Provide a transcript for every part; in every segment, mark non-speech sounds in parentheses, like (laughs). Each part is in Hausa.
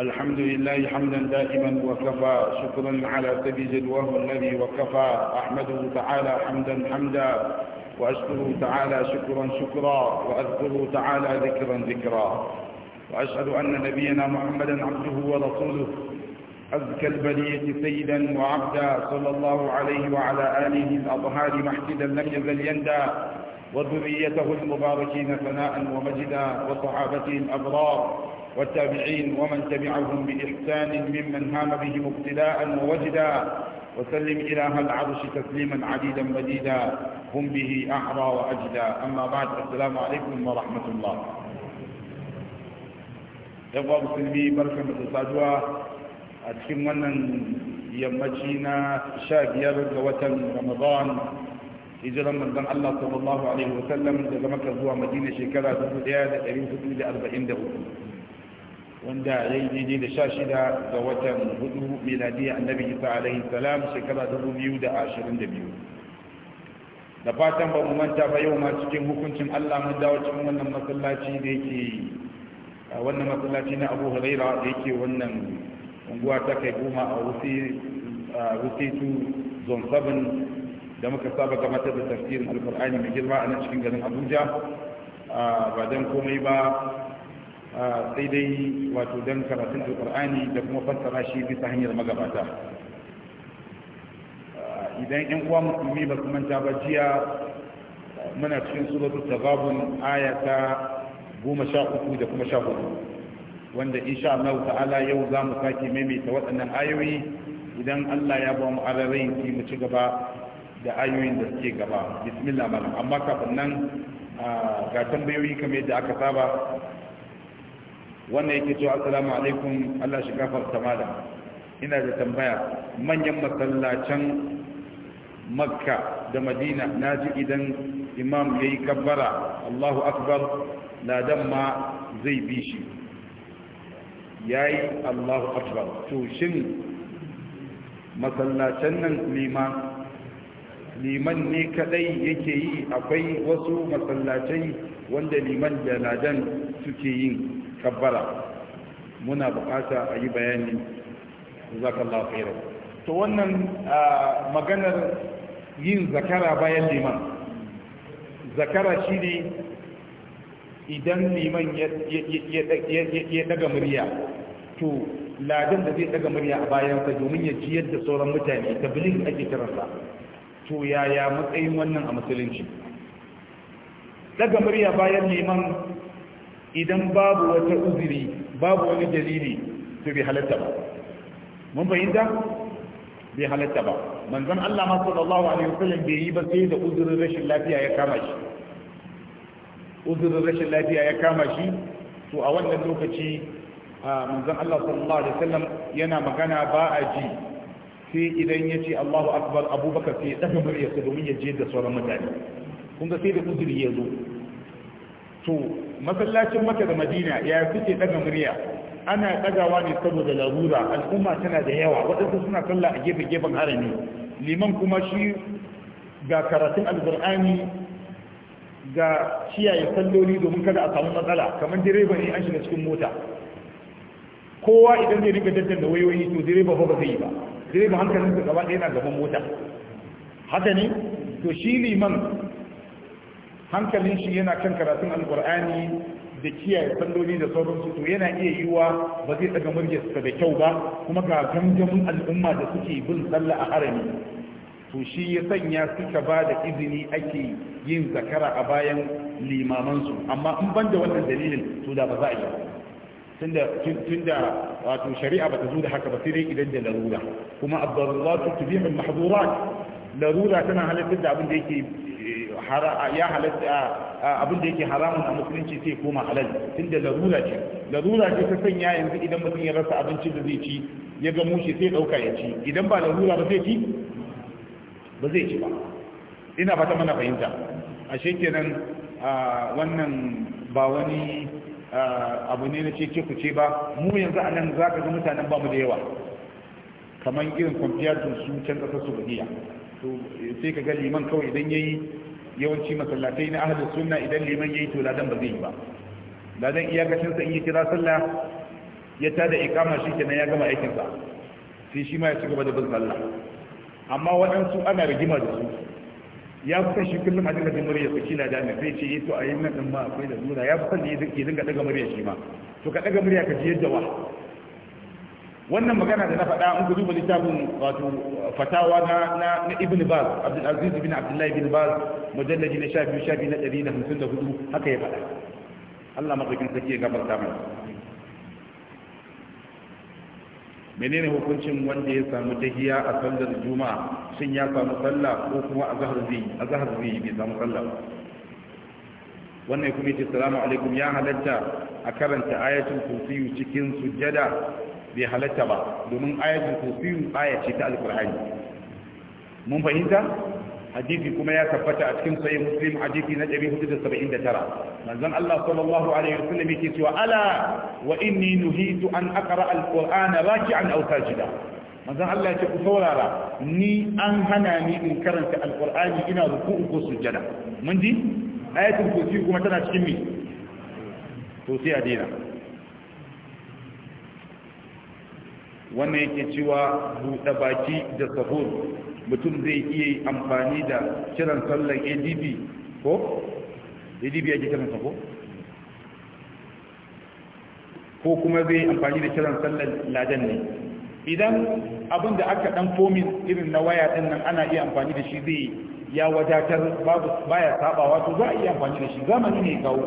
الحمد لله حمدا دائما وكفى شكرا على سبيل الله الذي وكفى أحمده تعالى حمدا حمدا وأشكره تعالى شكرا شكرا وأذكره تعالى ذكرا ذكرا وأشهد أن نبينا محمدا عبده ورسوله أزكى البلية سيدا وعبدا صلى الله عليه وعلى آله الأطهار محسدا لم يزل يندى وذريته المباركين ثناء ومجدا وصحابته الأبرار والتابعين ومن تبعهم بإحسان ممن هام بهم مبتلاء ووجدا وسلم إله العرش تسليما عديدا مديدا هم به أحرى وأجدا أما بعد السلام عليكم ورحمة الله يبقى مسلمي بركة متساجوة أتكلم يمجينا شابير وتن رمضان صلى الله عليه وسلم Allah مكة alaihi wasallam daga Makka zuwa Madina shekara دقيقة wanda ya yi daidai da sha shida ga watan hudu miladiyya annabi isa alaihi salam shekara dubu biyu da ashirin da biyu da fatan ba mu manta ba yau ma cikin hukuncin allah mun dawo cikin wannan masallaci da yake wannan masallaci na abu huraira da yake wannan unguwa ta kai goma a wusitu zone da muka saba gabatar da tafsirin alkur'ani mai girma a nan cikin garin abuja ba don komai ba sai dai wato dan karatun alkur'ani da kuma fassara shi bisa hanyar magabata idan yan uwa musulmi ba su manta ba jiya muna cikin suratul tagabun aya ta goma sha uku da kuma sha hudu wanda insha Allah ta'ala yau za mu sake maimaita waɗannan ayoyi idan Allah ya ba mu ararai ki mu ci gaba da ayoyin da suke gaba bismillah amma kafin nan ga tambayoyi kamar yadda aka saba wannan yake cewa assalamu alaikum Allah shi gafarta ina da tambaya manyan masallacin makka da madina na ji idan imam ya yi kabbara allahu akbar ladan ma zai bi shi ya yi allahu akbar to shin masallacen nan liman ne kadai yake yi akwai wasu masallacai wanda liman da ladan suke yin kabbara muna bukata a yi bayani zakallahu khairan to wannan maganar yin zakara bayan liman zakara shine idan liman ya daga murya to ladan da zai daga murya a bayansa domin ya ji yadda sauran mutane tablin ake kiransa to yaya matsayin wannan a musulunci daga murya bayan liman idan babu wata uzuri babu wani dalili to bai halatta ba mun fahimta bai halatta ba manzon Allah ma sallallahu alaihi wasallam bai yi ba sai da uzurin rashin lafiya ya kama shi uzurin rashin lafiya ya kama shi to a wannan lokaci manzon Allah sallallahu alaihi wasallam yana magana ba a ji sai idan ya ce Allahu akbar Abubakar sai ya daga muryarsa domin ya je da sauran mutane kun ga sai da uzuri ya zo to masallacin maka da madina ya kuke daga murya ana dagawa ne saboda larura al'umma tana da yawa waɗansu suna sallah a gefe gefen harami liman kuma shi ga karatun albur'ani, ga kiyaye salloli domin kada a samu matsala kamar direba ne an shiga cikin mota kowa idan zai rika daddan da wayoyi to direba ba zai yi ba direba hankalin ka gaba ɗaya na gaban mota haka ne to shi liman hankalin shi yana kan karatun alkur'ani da kiyaye salloli da sauransu to yana iya yiwa ba zai daga murjinsa da kyau ba kuma ga gangamin al'umma da suke bin sallah a harami to shi ya sanya suka ba da izini ake yin zakara a bayan limamansu amma in ban da wannan dalilin to da ba za a yi tunda tunda wato shari'a ba ta zo da haka ba sai dai idan da larura kuma abdaruratu tubihul mahdhurat larura tana halittar da abin da yake ya halatta abin da yake haramun a musulunci sai koma halal tun da larura ce larura ce ta sanya yanzu idan mutum ya rasa abinci da zai ci ya ga mushi sai dauka ya ci idan ba larura ba zai ci ba zai ci ba ina fata mana fahimta a kenan wannan ba wani abu ne na ce ku ce ba mu yanzu a nan za ka ga mutanen ba mu da yawa kamar irin kwamfiyar su can ƙasar su sai ka ga liman kawai idan ya yi yawanci masallatai na ahlus sunna idan liman yayi to ladan ba zai yi ba ladan iyakacin sa in yi kira sallah ya tada ikama shi kenan ya gama aikin sa sai shi ma ya ci gaba da bin sallah amma waɗansu ana rigima da su ya fi kashi kullum a dinga jin murya su kila da sai ce yi eh, to a yin nan ma akwai da nuna ya fi kan ya dinga ɗaga murya shi ma to ka ɗaga murya ka ji yadda wa wannan magana da na faɗa in ku duba littafin wato fatawa na na, na ibn baz abdul aziz bin abdullahi bin baz mujallaji na shafi shafi na 154 haka ya faɗa Allah madaukin sarki ya gafarta mai menene hukuncin wanda ya samu tahiya a sallar juma'a shin ya samu sallah ko kuma azhar zai azhar zai bai samu sallah wannan kuma yace assalamu alaikum ya halatta a karanta ayatul kursiyu cikin sujjada bai halatta ba domin ayatul kursiyu aya ta alkur'ani mun fahimta hadisi kuma ya tabbata a cikin sahih muslim hadisi na 479 manzon Allah sallallahu alaihi wasallam yake cewa ala wa inni nuhitu an aqra alqur'ana raki'an aw sajida manzon Allah ya ce ku saurara ni an hana ni in karanta alqur'ani ina ruku'u ko sujjada mun ji ayatul kursi kuma tana cikin mi to a daina wannan yake cewa buɗe baki da sahur mutum zai iya amfani da kiran sallar adb ko adb ya ke kiran sahur ko kuma zai amfani da kiran sallar ladan ne idan abin da aka dan fomin irin na waya din nan ana iya amfani da shi zai ya wadatar babu baya sabawa to za a iya amfani da shi zamani ne kawo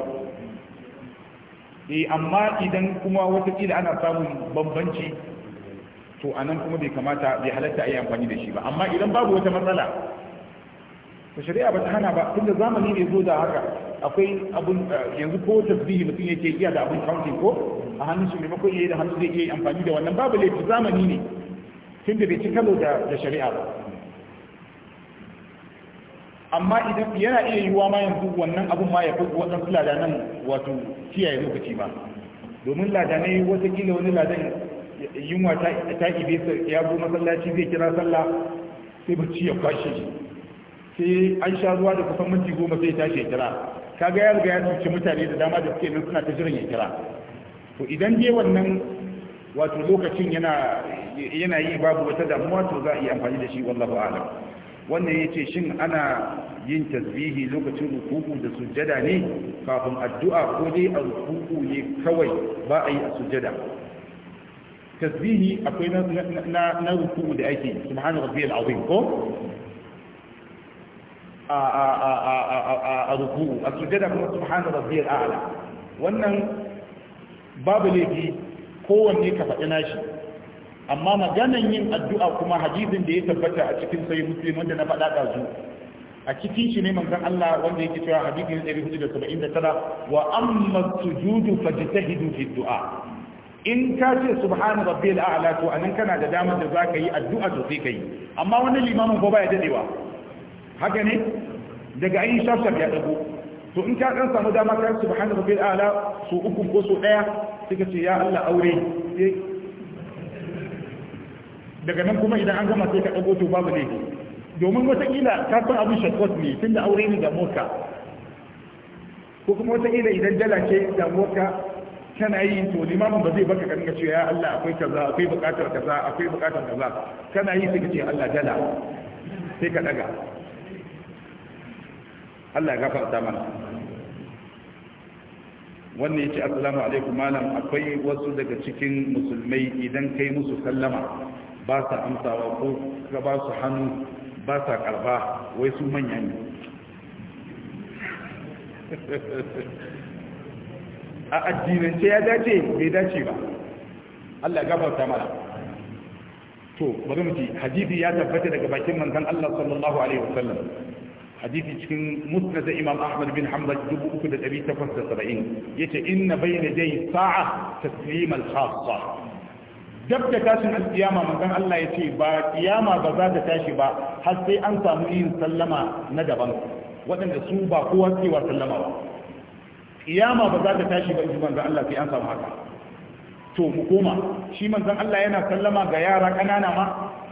eh amma idan kuma wata kila ana samun bambanci to anan kuma bai kamata bai halatta a yi amfani da shi ba amma idan babu wata matsala to shari'a ba ta hana ba tunda zamani ne zo da haka akwai abun eh, yanzu ko tasbihi mutum yake iya da abun counting ko a hannun shi maimakon iya da hannu zai iya amfani da wannan babu laifi zamani ne tunda bai ci kalo da shari'a ba amma idan yana iya yiwuwa ma yanzu wannan abun ma ya fi waɗansu ladanan wato kiyaye lokaci ba domin ladanai watakila wani ladan yunwa ta ibe ya zo masallaci zai kira sallah sai bacci ya kwashe shi sai an sha zuwa da kusan minti goma sai tashi ya kira kaga ya riga ya cuci mutane da dama da suke nan suna ta jiran ya kira to idan dai wannan wato lokacin yana yana yi babu wata damuwa to za a yi amfani da shi wallahu a'lam wannan yace shin ana yin tasbihi lokacin rukuku da sujjada ne kafin addu'a ko dai a rukuku ne kawai ba a yi a sujjada tasbihi akwai na na na ruku da ake subhana rabbiyal azim ko a a a a a a'la wannan babu laifi kowanne ka faɗi nashi amma maganan yin addu'a kuma hadisin da ya tabbata a cikin sai muslim wanda na faɗa ɗazu a cikin shi ne manzon Allah wanda yake cewa hadisin 479 wa amma sujudu fajtahidu fi du'a in ka ce subhanu rabbil a'la to anan kana da damar da zaka yi addu'a to sai kai amma wannan limamin ko baya dadewa haka ne daga ayin shafshaf ya dago to in ka dan samu dama ka subhanu rabbil a'la su uku ko su daya suka ce ya Allah aure eh. daga nan kuma idan an gama sai ka dago to babu ne domin wataƙila ka san abin shakwat ne tunda aure ne da moka ko kuma wataƙila idan dala ce da moka kana yi to limamin ba zai baka ka dinga cewa ya Allah akwai kaza akwai bukatar kaza akwai bukatar kaza kana yi sai ka ce Allah jala sai ka daga Allah ya gafarta mana wannan yace assalamu alaikum malam akwai wasu daga cikin musulmai idan kai musu sallama ba sa amsawa ko ka ba su hannu ba sa karba wai su manya ne (laughs) a addinance ya dace bai dace ba Allah gafarta mana to bari mu ci hadisi ya tabbata daga bakin manzon Allah sallallahu alaihi wasallam hadisi cikin musnad Imam Ahmad bin Hanbal 3870 yace inna bayna jay sa'a taslim al-khassa dab da tashin alkiyama manzon Allah yace ba kiyama ba za ta tashi ba har sai an samu yin sallama na daban waɗanda su ba kowa cewa sallama ba kiyama ba za ta tashi ba in manzon Allah sai an samu haka to mu koma shi manzon Allah yana sallama ga yara kanana ma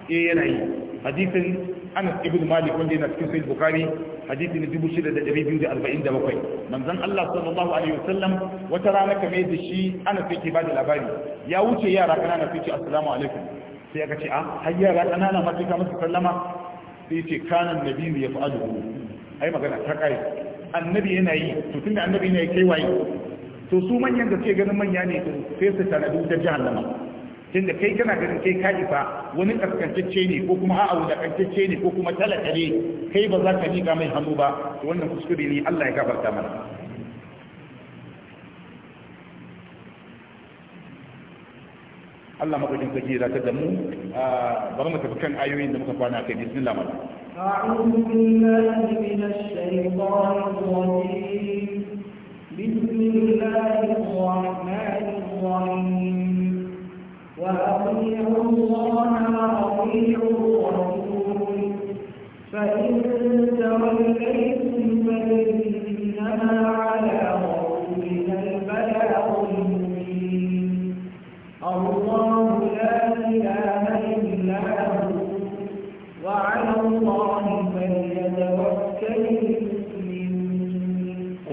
eh yana yi hadisin Anas ibn Malik wanda yana cikin Sahih Bukhari hadisi na 6247 manzon Allah sallallahu alaihi wasallam wata rana kame da shi Anas yake bada labari ya wuce yara kanana su ce assalamu alaikum sai aka ce a ah, har yara kanana ma suka musu sallama sai ce kana nabi ya fa'alu ai magana ta kai annabi yana yi to tunda annabi yana kai waye to su manyan da suke ganin manya ne to sai su tanadu da jahannama tunda kai kana ganin kai ka isa wani kaskantacce ne ko kuma a'a wulakantacce ne ko kuma talaka ne kai ba za ka miƙa mai hannu ba to wannan kuskure ne Allah ya gafarta mana Allah madaukin sarki ya zata da mu bari mu tafi kan ayoyin da muka kwana kai bismillah mala a'udhu billahi minash shaitanir rajim bismillahir rahmanir rahim wa atii'u allaha wa atii'u rasul fa in tawallaytum fa innama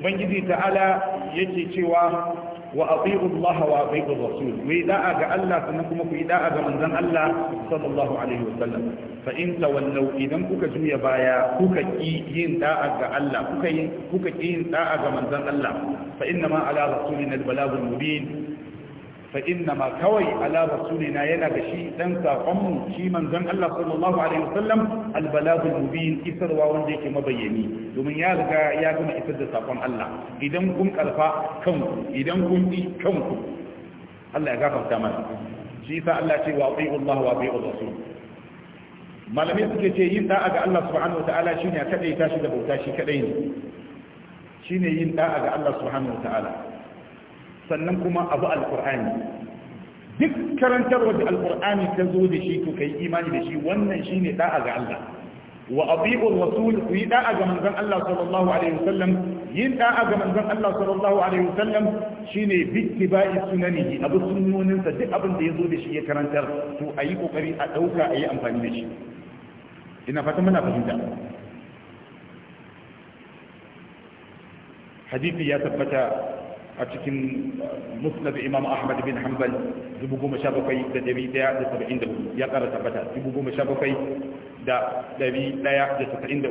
ubangiji ta'ala yake cewa wa atiiu Allah wa atiiu Rasul ku yi da'a ga Allah sannan kuma ku yi da'a ga manzon Allah sallallahu alaihi wasallam fa in tawallu idan kuka juya baya kuka ki yin da'a ga Allah kuka yi kuka ki yin da'a ga manzon Allah fa inna ma ala rasulina al-balagh al-mubin fa inna ma kawai ala rasulina yana ga shi dan sakon mu shi manzon Allah sallallahu alaihi wasallam al balagul mubin isarwa wanda yake mabayyani domin ya riga ya gama isar da sakon Allah idan kun kalfa kanku idan kun bi kanku Allah ya gafarta mana shi yasa Allah ce wa ati'u Allah wa ati'u rasul Malami suke ce yin da'a ga Allah subhanahu wataala shine a kadaita shi da bauta shi kadai ne shine yin da'a ga Allah subhanahu wataala sannan kuma abu alkur'ani duk karantarwa da alkur'ani ta zo da shi to kai imani da shi wannan shi ne da'a ga Allah wa abiqur rasul ku yi da'a ga manzon Allah sallallahu alaihi wasallam yin da'a ga manzon Allah sallallahu alaihi wasallam shine bittiba'i sunanihi abu sunnonin sa duk abin da yazo da shi ya karantar to ayi kokari a dauka ayi amfani da shi ina fata muna fahimta hadisi ya tabbata a cikin uh, musnad imam ahmad bin hanbal 17,174 ya kara tabbata 17,174 da ɗari ɗaya da tasa'in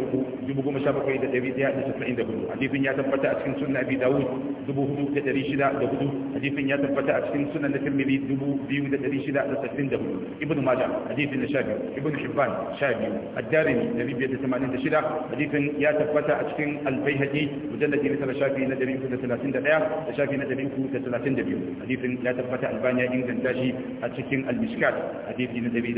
dubu goma sha bakwai da ɗari ɗaya da tasa'in da hudu hadifin ya tabbata a cikin sunan abi dawud dubu hudu da ɗari shida da hudu hadifin ya tabbata a cikin sunan na tirmidhi dubu biyu da ɗari shida da sassin da hudu ibn majah hadifin na sha biyu ibn hibban sha biyu addarimi ɗari biyar da tamanin da shida hadifin ya tabbata a cikin albaihaqi mujalladi na tara shafi na ɗari uku da talatin da ɗaya da shafi na ɗari uku da talatin da biyu ya inganta shi a cikin almishkat hadifi na ɗari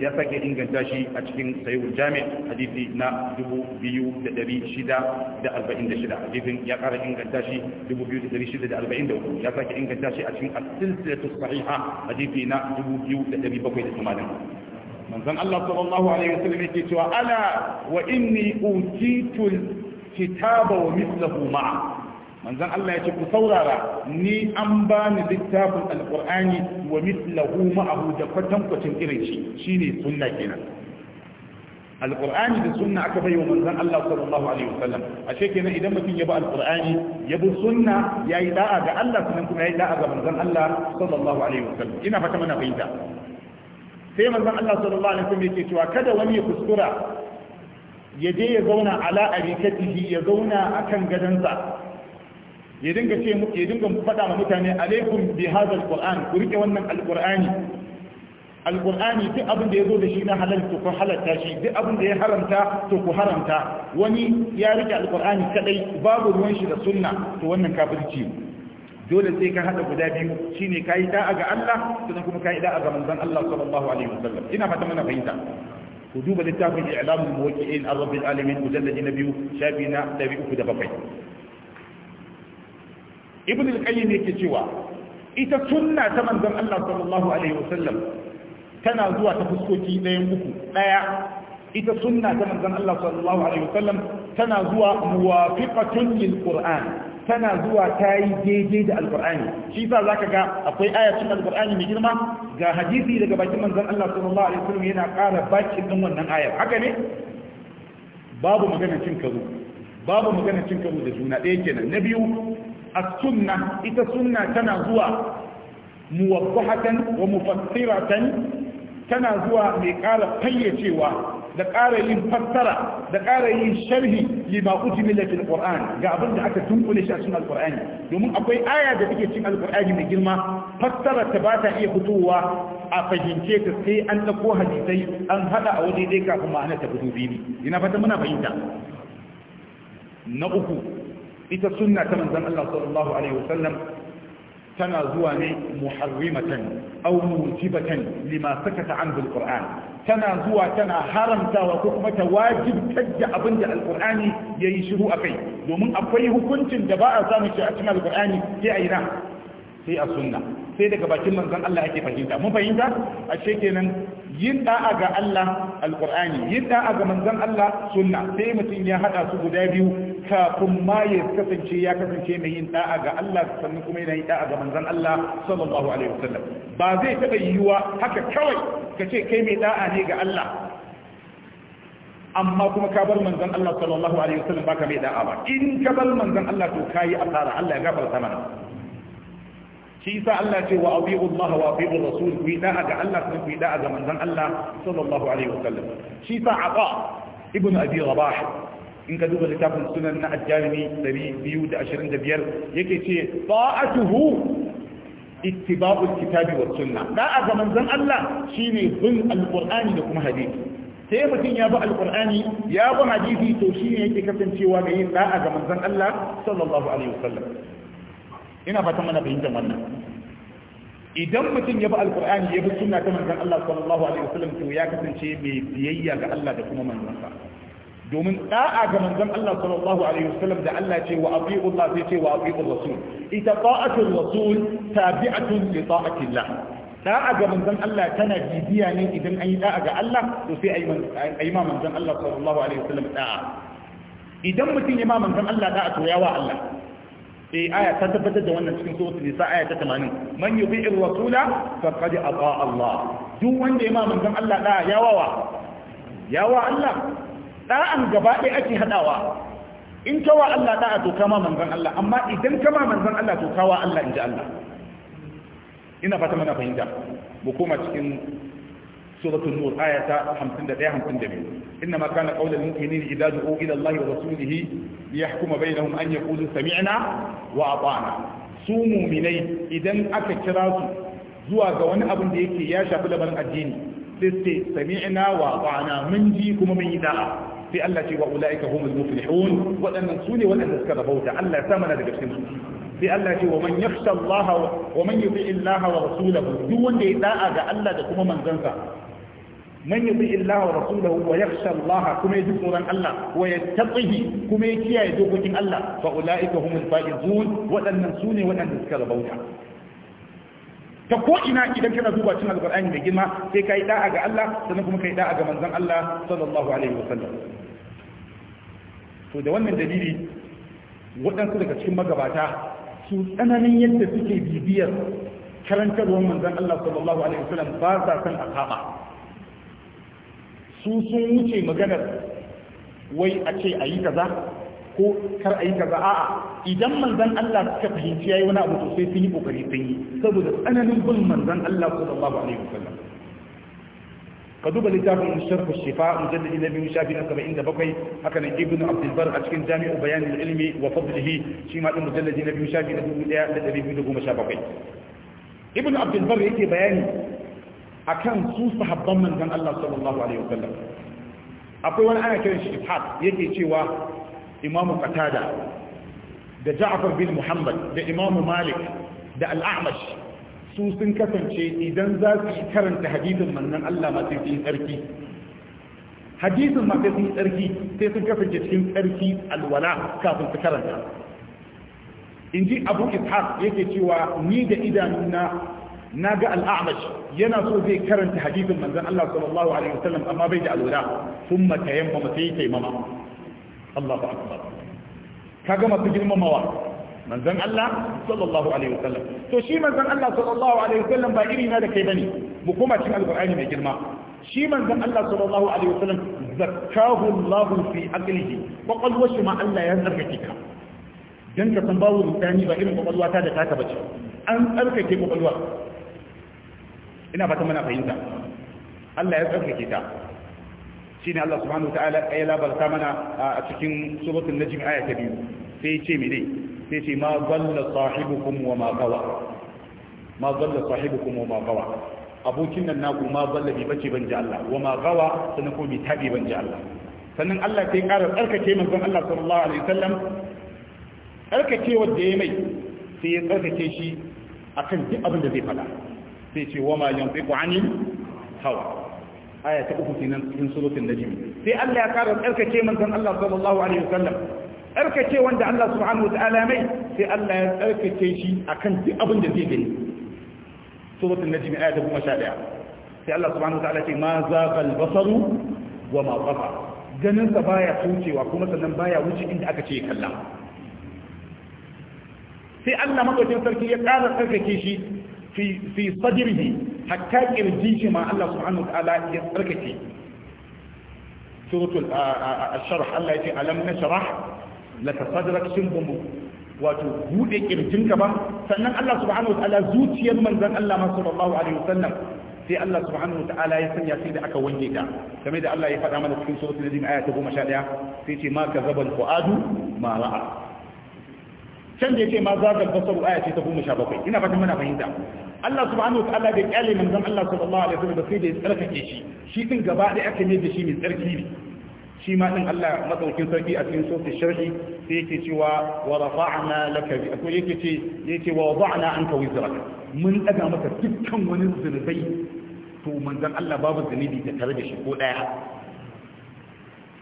ya sake inganta shi a cikin sayyid jami hadisi na 2646 hadisin ya ƙara inganta shi 2643 ya sake inganta shi a cikin as-silsilatu sahiha hadisi na 2780 manzon Allah sallallahu alaihi wasallam yake cewa ala wa inni utitul kitaba wa mithluhu ma'a manzon Allah ya ce ku saurara ni an bani littafin alqur'ani wa mithluhu ma'ahu da kwatankwacin irin shi shine sunna kenan alqur'ani da sunna aka bai wa manzon Allah sallallahu alaihi wasallam ashe kenan idan mutum ya bi alqur'ani ya bi sunna ya yi da'a ga Allah sannan kuma yi da'a ga manzon Allah sallallahu alaihi wasallam ina fata mana fahimta sai manzon Allah sallallahu alaihi wasallam yake cewa kada wani ya kuskura ya je ya zauna ala arikatihi ya zauna akan gadansa ya dinga ce ya dinga faɗa ma mutane alaikum bi hadha alquran ku rike wannan alqur'ani alkur'ani duk abin da ya zo da shi na halal to ku halarta shi duk abin da ya haramta to ku haramta wani ya rike alkur'ani kadai babu ruwan shi da sunna to wannan kafirci dole sai ka hada guda biyu shine kai da'a ga Allah sannan kuma kai da'a ga manzon Allah sallallahu alaihi wasallam ina fata mana fahimta ku duba littafin i'lamul muwaqqi'in ar-rabbil alamin mujallad na biyu shafi na 307 ibn al-qayyim yake cewa ita sunna ta manzon Allah sallallahu alaihi wasallam tana zuwa ta fuskoki ɗayan uku ɗaya ita sunna ta manzon Allah sallallahu alaihi wasallam tana zuwa muwafiqatun lil qur'an tana zuwa ta yi daidai da alkur'ani shi yasa za ka ga akwai ayatun alkur'ani mai girma ga hadisi daga bakin manzan Allah sallallahu alaihi wasallam yana ƙara bakin ɗin wannan ayar haka ne babu magana cin karo babu magana cin karo da juna ɗaya kenan na biyu a sunna ita sunna tana zuwa muwabbahatan wa mufassiratan tana zuwa mai ƙara fayyacewa da ƙara yin fassara da ƙara yin sharhi lima utimila fil qur'an ga abin da aka tunkule shi a cikin alqur'ani domin akwai aya da take cikin alqur'ani mai girma fassara ta ba ta iya fitowa a fahimce ta sai an dauko hadisai an hada a waje dai kafin ma'ana ta fito bibi ina fata muna fahimta na uku ita sunna ta manzon Allah sallallahu alaihi wasallam tana zuwa ne muharrimatan aw mujibatan lima sakata an bil qur'an tana zuwa tana haramtawa ko kuma ta wajibtar da abinda da alqur'ani yayi shiru akai domin akwai hukuncin da ba a samu shi a cikin alqur'ani sai a ina sai a sunna sai daga bakin manzon Allah ake fahimta mun fahimta a kenan yin da'a ga Allah alqur'ani yin da'a ga manzon Allah sunna sai mutum ya hada su guda biyu kafin ma ya kasance ya kasance mai yin da'a ga Allah sannan kuma yana yin da'a ga manzon Allah sallallahu alaihi wasallam ba zai taba yiwuwa haka kawai ka ce kai mai da'a ne ga Allah amma kuma ka bar manzon Allah sallallahu alaihi wasallam baka mai da'a ba in ka bar manzon Allah to kai asara Allah ya gafarta mana shi yasa Allah ce wa abiu Allah wa abiu Rasul ku yi da'a ga Allah kuma ku yi da'a ga manzon Allah sallallahu alaihi wasallam shi yasa Aqa ibn Abi Rabah in ka duba littafin sunan na ajami 225 yake ce ta'atuhu ittiba'ul kitabi was sunna da'a ga manzon Allah shine bin alqur'ani da kuma hadisi sai mutum ya bi alkur'ani ya bi hadisi to shine ne yake kasancewa ga yin da'a ga manzon Allah sallallahu alaihi wasallam ina fatan mana fahimtar wannan idan mutum ya bi alkur'ani ya bi sunna ta manzon Allah sallallahu alaihi wasallam to ya kasance mai biyayya ga Allah da kuma manzon sa domin da'a ga manzon Allah sallallahu alaihi wasallam da Allah ce wa abi'u Allah sai ce wa abi'u rasul ita ta'atul rasul tabi'atun li ta'atillah da'a ga manzon Allah tana bibiya ne idan an yi da'a ga Allah to sai ayi ma manzon Allah sallallahu alaihi wasallam da'a idan mutum ya ma manzon Allah da'a to yawa Allah eh aya ta tabbatar da wannan cikin suratul nisa aya ta 80 man yubi'ir rasula faqad ata Allah duk wanda ya ma manzon Allah da'a yawa wa yawa Allah da'an gaba ɗaya ake haɗawa in kawa Allah da'a to kama manzon Allah amma idan kama manzon Allah to kawa Allah ji Allah ina fata mana fahimta mu koma cikin suratul nur ayata 51 52 inma kana qawlul mu'minina idza du'u ila Allah wa rasulihi liyahkuma bainahum an yaqulu sami'na wa ata'na su mu'minai idan aka kira su zuwa ga wani abin da yake ya shafi labarin addini sai sami'na wa ata'na mun ji kuma mun yi da'a sai Allah ce wa ulaika humul muflihun waɗannan sune ne waɗanda suka rabauta Allah ya sa mana daga cikin su sai Allah ce wa man yakhsha Allah wa man yuti Allah wa rasulahu duk wanda ya da'a ga Allah da kuma manzansa man yuti Allah wa rasulahu wa yakhsha Allah kuma yaji tsoron Allah wa yattaqihi kuma ya kiyaye dokokin Allah fa ulaika humul faizun waɗannan sune ne waɗanda suka rabauta ta ko ina idan kana duba cin alqur'ani mai girma sai kai da'a ga Allah sannan kuma kai da'a ga manzon Allah sallallahu alaihi wasallam to da wannan dalili waɗansu daga cikin magabata su tsananin yadda suke bibiyar karantarwar manzon Allah sallallahu alaihi wasallam ba sa san akaba su sun wuce maganar wai a ce a yi kaza ko kar a yi kaza a'a idan manzon Allah suka fahimci yayi wani abu sosai sun yi kokari sun yi saboda tsananin bin manzon Allah ko sallallahu alaihi wasallam ka duba littafin sharh shifa mujallad na biyu shafi na saba'in 77 haka nan ibn Abdulbar a cikin jami'u bayanin ilmi wa fadlihi shi ma din mujallad na biyu shafi na dubu biyu goma sha bakwai. ibn Abdulbar bar yake bayani akan su sahabban manzon Allah sallallahu alaihi wasallam akwai wani ana kiran shi ishaq yake cewa imamu qatada da ja'far bin muhammad da imamu malik da al-a'mash su sun kasance idan za su karanta hadisin manzon Allah ma sai su tsarki hadisin ma sai su tsarki sai sun kasance cikin tsarki alwala kafin su karanta in ji abu ishaq yake cewa ni da idanuna na ga al'amash yana so zai karanta hadisin manzon Allah sallallahu alaihi wasallam amma bai da alwala thumma tayammama sai taimama. Allahu akbar gama masu girmamawa manzon Allah sallallahu alaihi wasallam to shi manzon Allah sallallahu alaihi wasallam ba iri na da kai bane mu koma cikin alqur'ani mai girma shi manzon Allah sallallahu alaihi wasallam zakkahu Allah fi aqlihi wa qalwa shi Allah ya tsarkake ka dan ka san babu rutani ba irin kwakwalwa ta da taka bace an tsarkake kwakwalwa ina fata muna fahimta Allah ya tsarkake ta shine Allah subhanahu wataala ya labarta mana a cikin suratul najm aya ta biyu sai ce me dai sai ce ma dalla sahibukum wa ma qawa ma dalla sahibukum wa ma qawa abokin nan naku ma dalla bi bace ban ji Allah wa ma qawa sannan ko bi tabi ban ji Allah sannan Allah sai ƙara tsarkake manzon Allah sallallahu alaihi wasallam tsarkake wanda yayi mai sai ya tsarkake shi akan duk abin da zai fada sai ce wa ma yanfiqu anil hawa aya ta uku kenan cikin suratul najm sai Allah ya kara tsarkake manzon Allah sallallahu alaihi wasallam tsarkake wanda Allah subhanahu wataala mai sai Allah ya tsarkake shi akan duk abin da zai gani suratul najm aya ta 11 sai Allah subhanahu wataala ce ma zaqa basaru wa ma tafa ganin sa baya tucewa kuma sannan baya wuce inda aka ce kalla sai Allah madaukakin sarki ya kara tsarkake shi fi sadrihi hatta kirji shi ma Allah subhanahu wa ta'ala ya tsarkake suratul asharh Allah yace alam nashrah laka sadrak sumbu wato bude kirjinka ba sannan Allah subhanahu wa ta'ala zuciyar manzon Allah ma sallallahu alaihi wasallam sai Allah subhanahu wa ta'ala ya sanya sai da aka wanke ta kamar da Allah ya faɗa mana cikin suratul najm aya ta 11 sai ce ma kazabal fuadu ma ra'a can da ce ma zagal basaru aya ce ta 17 ina fatan muna fahimta Allah subhanahu wa ta'ala da kyale manzon Allah sallallahu alaihi wasallam da sai da ya tsarkake shi shi din gaba da aka ne da shi mai tsarki ne shi ma din Allah madaukin sarki a cikin sosai sharhi sai yake cewa wa rafa'na laka bi ko yake ce yake wa wada'na anka wizraka mun daga maka dukkan wani zunubai to manzon Allah babu zunubi da tare da shi ko daya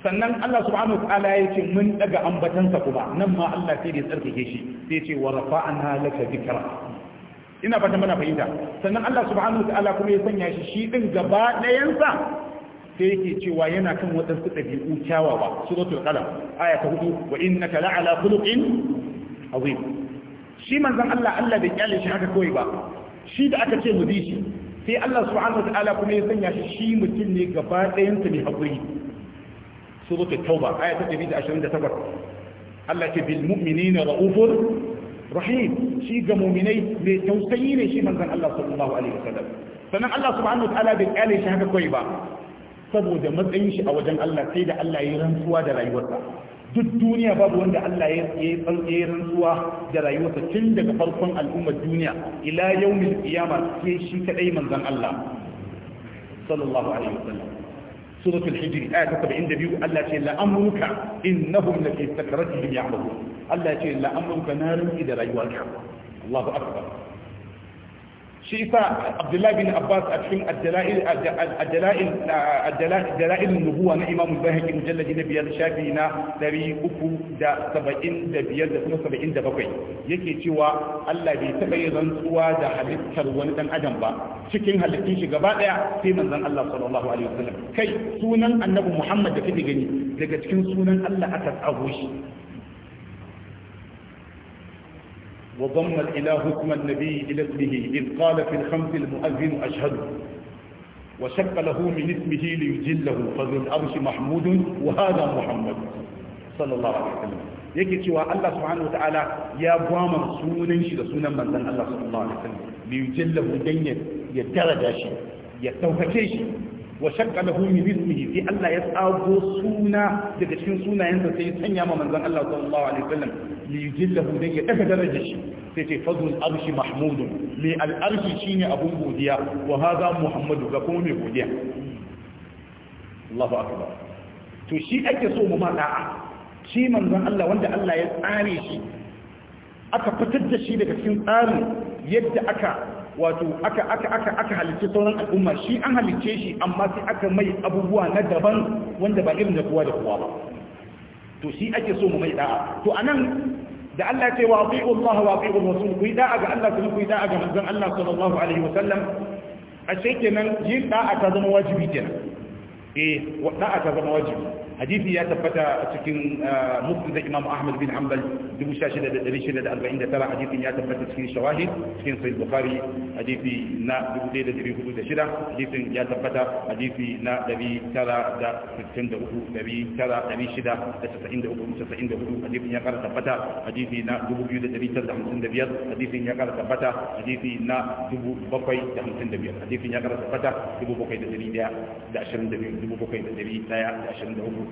sannan Allah subhanahu wataala ya ce mun daga ambatansa kuma nan ma Allah sai da tsarkake shi sai ce wa rafa'ana laka dhikra ina fata mana fahimta sannan Allah subhanahu wataala kuma ya sanya shi shi din gaba ɗayansa sai yake cewa yana kan waɗansu ɗabi'u kyawawa suratul qalam aya ta hudu wa innaka la'ala khuluqin azim shi manzon Allah Allah bai kyale shi haka kawai ba shi da aka ce mu bi shi sai Allah subhanahu wataala kuma ya sanya shi shi mutum ne gaba ɗayan ɗayansa ne haƙuri. suratul tauba aya ta 128 Allah ke bil mu'minina raufur rahim shi ga mu'minai mai tausayi ne shi manzon Allah sallallahu alaihi wasallam sannan Allah subhanahu wataala bai kyale shi haka kai ba saboda matsayin shi a wajen Allah sai da Allah ya da rayuwarsa duk duniya babu wanda Allah ya yi rantsuwa da rayuwarsa tun daga farkon al'ummar duniya ila yawmin qiyama sai shi kadai Allah sallallahu alaihi سورة الحجر آية 72 الله يقول لأمرك إنهم لفي سكرتهم يعملون الله يقول لأمرك نار إذا لا يواجهك الله أكبر shi isa abdullahi bin abbas a cikin adjala'il nubuwa na imamu bayhaqi mujalladi na biyar shafi na 375 da kuma 77 yake cewa Allah bai taɓa yi rantsuwa da halittar wani dan adam ba cikin halittun shi gaba ɗaya sai manzon Allah sallallahu alaihi wasallam kai sunan annabi Muhammad da kake gani daga cikin sunan Allah aka tsago shi وضم الإله اسم النبي إلى اسمه إذ قال في الخمس المؤذن أشهد وشق له من اسمه ليجله فذو الأرش محمود وهذا محمد صلى الله عليه وسلم yake cewa Allah subhanahu wataala ya gwama sunan shi da sunan manzon Allah sallallahu alaihi wasallam li yujallahu dan ya daraja shi ya daukake shi wa shakka lahu min ismihi sai Allah ya tsago suna daga cikin sunayensa sai ya sanya ma manzon Allah sallallahu alaihi wasallam li yujillahu dan ya daga daraja shi sai ce fadlul arshi mahmudun li al arshi shine abun godiya wa hadha muhammadu ga kuma mai godiya Allahu akbar to shi ake so mu ma da'a shi manzon Allah wanda Allah ya tsare shi aka fitar da shi daga cikin tsarin yadda aka wato aka aka aka aka halicce sauran al'umma shi an halicce shi amma sai aka mai abubuwa na daban wanda ba irin da kowa da kowa ba to shi ake so mu mai da'a to anan da Allah ya ce wa ati'u Allah wa ati'u Rasul ku yi da'a ga Allah kuma ku yi da'a ga manzon Allah sallallahu alaihi wasallam a shekenan yin da'a ta zama wajibi kenan eh da'a ta zama wajibi hadisi ya tabbata a cikin uh, mufti da imam ahmad bin hanbal 1649 hadisin ya tabbata cikin shawahid cikin Sayyid bukhari hadisi na 1406 hadisin ya tabbata hadisi na 963 hadisin ya kara tabbata hadisi na 2955 hadisin ya kara tabbata hadisi na 755 hadisin ya kara tabbata 7,722 7,722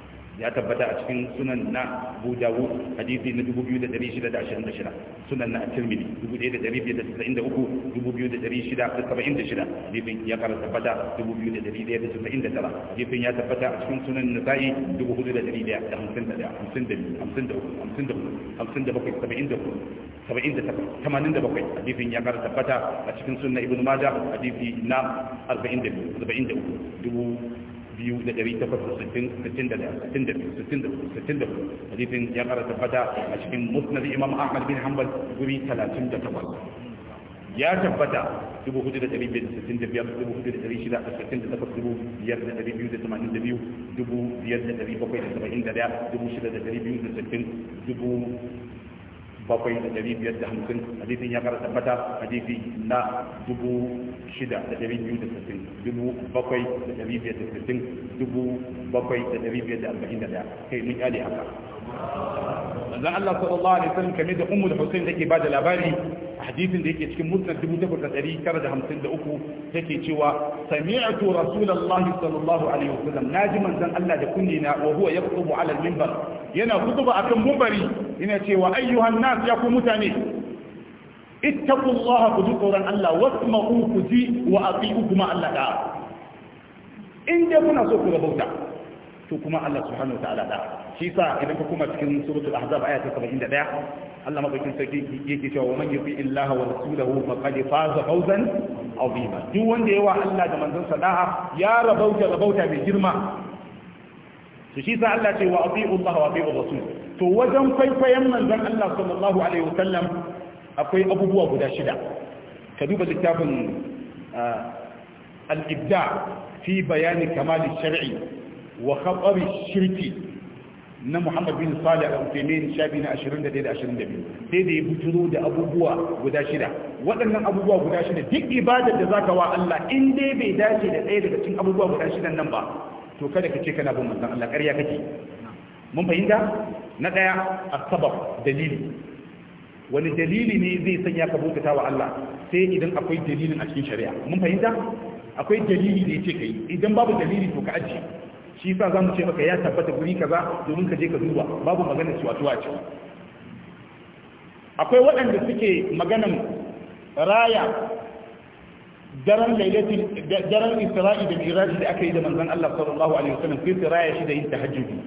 ya tabbata a cikin sunan na Abu Dawud hadisi na 2626 sunan na Tirmidhi 1593 2676 hadisin ya kara tabbata 2199 hadisin ya tabbata a cikin sunan Nasa'i 4151 hadisin ya kara tabbata a cikin sunan Ibn Majah hadisi na 42 43 biyu da ɗari takwas da sittin da sittin da sittin da sittin da hadisin ya ƙara tabbata a cikin musnad imam ahmad bin hanbal guri talatin da takwas ya tabbata dubu hudu da ɗari biyar da sittin da biyar dubu hudu da ɗari shida da sittin da takwas dubu biyar da ɗari biyu da tamanin da biyu dubu biyar da ɗari bakwai da saba'in da ɗaya dubu shida da ɗari biyu da sittin dubu bakwai da dari biyar da hamsin hadisin ya kara tabbata hadisi na dubu shida da dari biyu da sittin dubu bakwai da dari biyar da sittin dubu bakwai da dari biyar da arba'in da daya kai mun kyale haka manzon Allah sallallahu alaihi wasallam kamar da Ummul Husain take ba da labari a hadisin da yake cikin Musnad 1953 take cewa sami'tu Rasulullahi sallallahu alaihi wasallam naji manzon Allah da kunni na wa huwa yaktubu ala al-minbar yana kutuba akan mumbari yana cewa ayyuhan nas ya ku mutane ittaqullaha ku ji tsoron Allah wasma'u ku ji wa atiu kuma Allah da in dai kuna so ku rabauta to kuma Allah subhanahu wa ta'ala da shi sa idan ka kuma cikin suratul ahzab aya ta 71 Allah madaukakin sarki yake cewa wa man yuti illaha wa rasulahu faqad faza fawzan azima duk wanda yawa Allah da manzon sa da'a ya rabauta rabauta mai girma to shi sa Allah ce wa ati'u Allah wa ati'u rasul to wajen kwaikwayon manzon Allah sallallahu alaihi wasallam akwai abubuwa guda shida ka duba littafin ah, al-ibda fi bayani kamal shar'i wa khatar shirki na Muhammad bin Salih al sha biyu na ashirin da daya da da ashirin biyu. sai da ya buturo da abubuwa guda shida waɗannan abubuwa guda shida duk ibadar da zaka wa Allah in dai bai dace da ɗaya daga cikin abubuwa guda shidan nan ba to kada ka ce kana bin manzon Allah ƙarya kake mun fahimta na ɗaya asbab dalili wani dalili ne zai sanya ka bauta wa Allah sai idan akwai dalilin a cikin shari'a mun fahimta akwai dalili da yake kai idan babu dalili to ka ajiye shi za mu ce maka ya tabbata guri kaza domin ka je ka duba babu maganar wato wace akwai waɗanda suke maganan raya daren lailatul daren isra'i da miraji da aka yi da manzon Allah sallallahu alaihi wasallam fi su raya shi da yin tahajjudi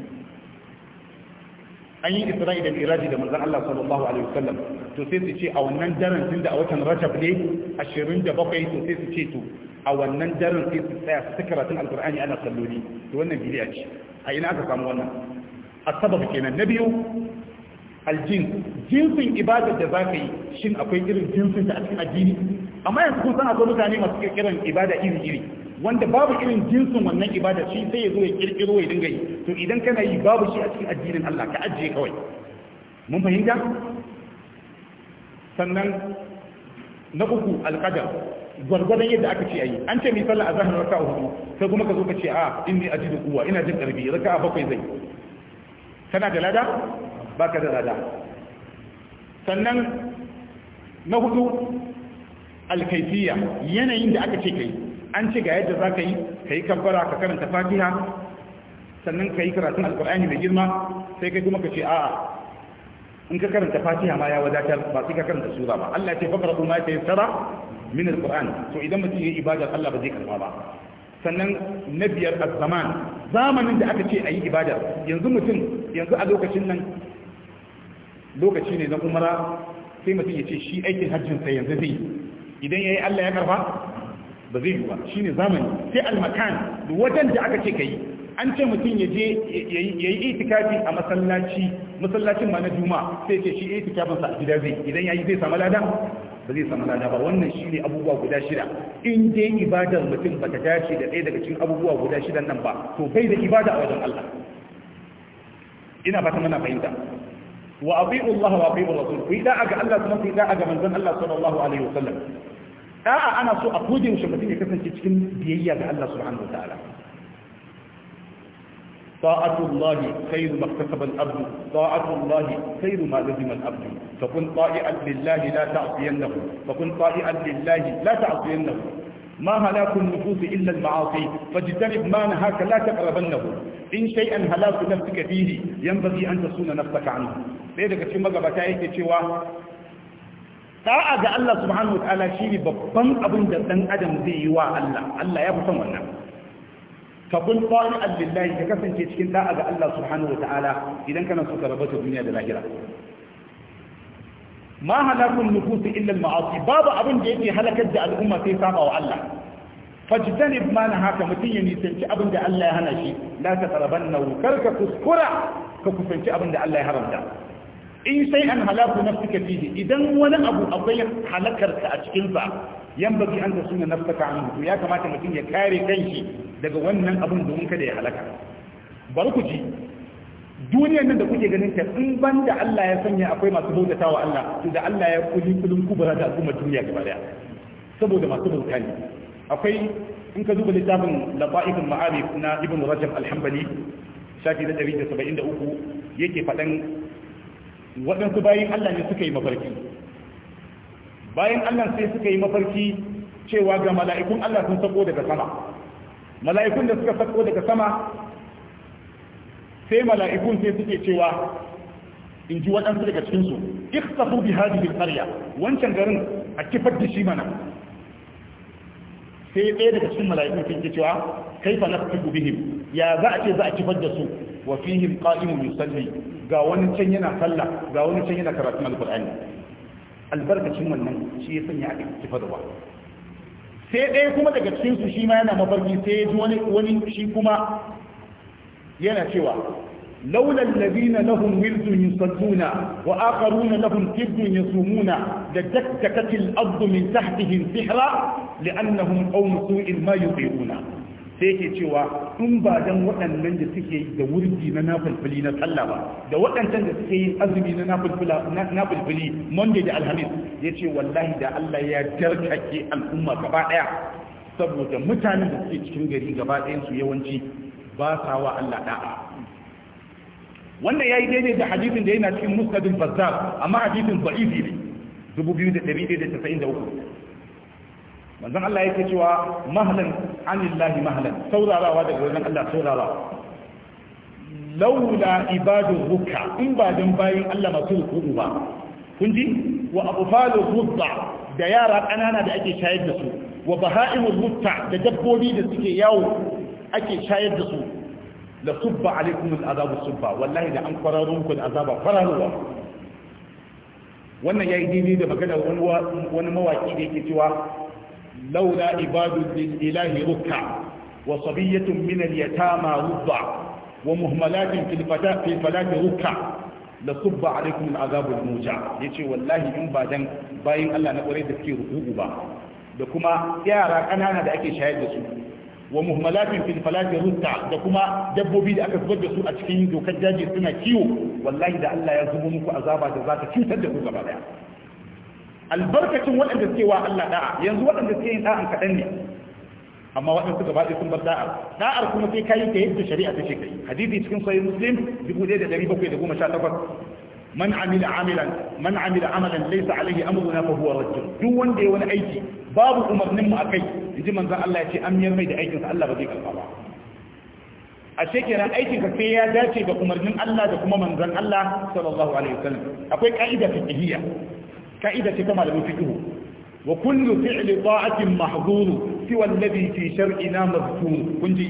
an yi isra'i da miraji da manzon Allah sallallahu alaihi wasallam to sai su ce a wannan daren tun da a watan rajab ne 27 to sai su ce to a wannan daren sai su tsaya su karatun alqur'ani ana salloli to wannan bidiya ce a ina aka samu wannan asbab kenan na biyu aljin jinsin ibadar da za ka yi shin akwai irin jinsin ta a cikin addini amma yanzu kun san akwai mutane masu kiran ibada iri iri wanda babu irin jinsin wannan ibada shi sai ya zo ya kirkiro ya dinga yi to idan kana yi babu shi a cikin addinin Allah ka ajiye kawai mun fahimta sannan na uku alqadar gwargwadon yadda aka ce ayi an ce mi sallah azhar raka'a hudu sai kuma ka zo ka ce a inni ajidu quwwa ina jin karfi raka'a bakwai zai kana da lada baka da lada sannan na hudu alkaifiya yanayin da aka ce kai an ce ga yadda za ka yi ka yi kabbara ka karanta fatiha sannan ka yi karatun alkur'ani mai girma sai kai kuma ka ce a'a in ka karanta fatiha ma ya wadatar ba sai ka karanta sura ba Allah ce fakara kuma ta tsara min alqur'an to idan mutum yayi ibadar Allah ba zai karba ba sannan na biyar azzaman zamanin da aka ce a yi ibadar yanzu mutum yanzu a lokacin nan lokaci ne na umara sai mutum ya ce shi aikin hajjin sai yanzu zai idan ya yi Allah ya karba ba zai yi ba ne zamani sai almakan duk wajen da aka ce ka yi an ce mutum ya je yayi itikafi a masallaci masallacin ma na juma sai ce shi itikafin sa a gida zai idan ya yi zai sami lada ba zai sami lada ba wannan shi ne abubuwa guda shida in dai ibadar mutum bata dace da ɗaya daga cikin abubuwa guda shida nan ba to bai da ibada a wajen Allah ina fata mana fahimta wa abi'u Allah wa abi'u Rasul ku yi da'a ga Allah kuma ku yi da'a ga manzon Allah sallallahu alaihi wasallam da'a ana so a koje mu shabbatin ya kasance cikin biyayya ga Allah subhanahu wa ta'ala ta'atullahi khairu maktasaban abdu ta'atullahi khairu ma lazimal abdu fa kun ta'i'an lillahi la ta'siyannahu fa kun ta'i'an lillahi la ta'siyannahu ما هلاك النفوس إلا المعاصي فاجتنب ما نهاك لا تقربنه إن شيئا هلاك نفسك فيه ينبغي أن تصون نفسك عنه لذلك في مغبتا يتشوى da'a ga Allah subhanahu wataala ne babban abin da dan adam zai yi wa Allah Allah ya fi son wannan ka bin tsari allillahi ka kasance cikin da'a ga Allah subhanahu wataala idan kana so raba rabata duniya da lahira ma halakun nufusi illa maasi babu abin da yake halakar da al'umma sai saba wa Allah fajtanib ma na haka mutum ya nisanci abin da Allah ya hana shi la ta tarabanna karka kuskura ka kusanci abin da Allah ya haramta in sai an halaku nafsika fihi idan wani abu akwai halakar a cikin sa baki an tasuna nafsaka anhu to ya kamata mutum ya kare kanshi daga wannan abun domin kada ya halaka bari ku ji duniyar nan da kuke ganin ta in ban da Allah ya sanya akwai masu bautata wa Allah to da Allah ya kuli kulun kubra da a duniya gaba daya saboda masu bauta ne akwai in ka zuba littafin lafa'ifin ma'arif na ibn rajab al-hanbali shafi na 173 yake faɗan waɗansu bayan Allah ne suka yi mafarki bayan Allah sai suka yi mafarki cewa ga mala'ikun Allah sun sako daga sama mala'ikun da suka sako daga sama sai mala'ikun sai suke cewa in ji waɗansu daga cikinsu iktafu bi hadhihi al-qarya wancan garin a kifar da shi mana sai ɗaya daga cikin mala'ikun sun ke cewa kai kaifa naftu bihim ya za a ce za a kifar da su wa fihim qa'imun yusalli ga wani can yana sallah ga wani can yana karatun alqur'ani albarkacin wannan shi ya sanya aka tafarwa sai ɗaya kuma daga cikin su shi ma yana mafarki sai ya ji wani wani shi kuma yana cewa لولا الذين لهم ورد يصلون وآخرون لهم كبد يصومون لدكتكت الأرض من تحتهم سحرا لأنهم قوم سوء ما يطيعون sai yake cewa in ba dan waɗannan da suke da wurdi na nafulfuli na sallah ba da waɗancan da suke yin azumi na nafulfuli monday da alhamis ya ce wallahi da allah ya jarkake al'umma gaba ɗaya saboda mutanen da suke cikin gari gaba ɗayansu yawanci ba sa wa allah da'a wannan ya yi daidai da hadisin da yana cikin musnadin bazzar amma hadisin ba'ifi ne 2193 manzon Allah yake cewa mahlan anillahi mahlan saurarawa daga wajen Allah saurarawa laula ibadu ruka in ba dan bayin Allah masu ruku ba kun ji wa abfalu rudda da yara kanana da ake shayar da su wa Baha'imu mutta da dabbobi da suke yawo ake shayar da su la subba alaikum al'azab subba wallahi da an kwararun ku da azaba kwararowa wannan yayi daidai da magana wani wani mawaki da yake cewa laula ibadu lillahi rukka wa sabiyyatun min al-yatama rubba wa muhmalatin fil fata fil falati rukka la subba alaikum al-azab al-muja yace wallahi in ba dan bayin Allah na kware da suke ruku ba da kuma yara ƙanana da ake shayar da su wa muhmalatin fil falati rutta da kuma dabbobi da aka zubar da su a cikin dokar daji suna kiwo wallahi da Allah ya zubo muku azaba da za ta cutar da ku gaba daya albarkacin waɗanda suke wa Allah da'a yanzu waɗanda suke yin da'an kaɗan ne amma waɗanda suka baɗi sun bar da'ar da'ar kuma sai kayi ta yadda shari'a ta ce kai hadisi cikin sahih muslim 1718 man amila amilan man amila amalan laysa alayhi amruna fa huwa rajul duk wanda ya wani aiki babu umarnin mu akai inji manzon Allah ya ce amiyar mai da aikin sa Allah ba zai karba ba a kenan aikin ka sai ya dace da umarnin Allah da kuma manzon Allah sallallahu alaihi wasallam akwai ka'ida fiqhiyya ka'ida ce ta malamin fiqh wa kullu fi'li ta'atin mahdhur siwa alladhi fi shar'ina mazkur kunji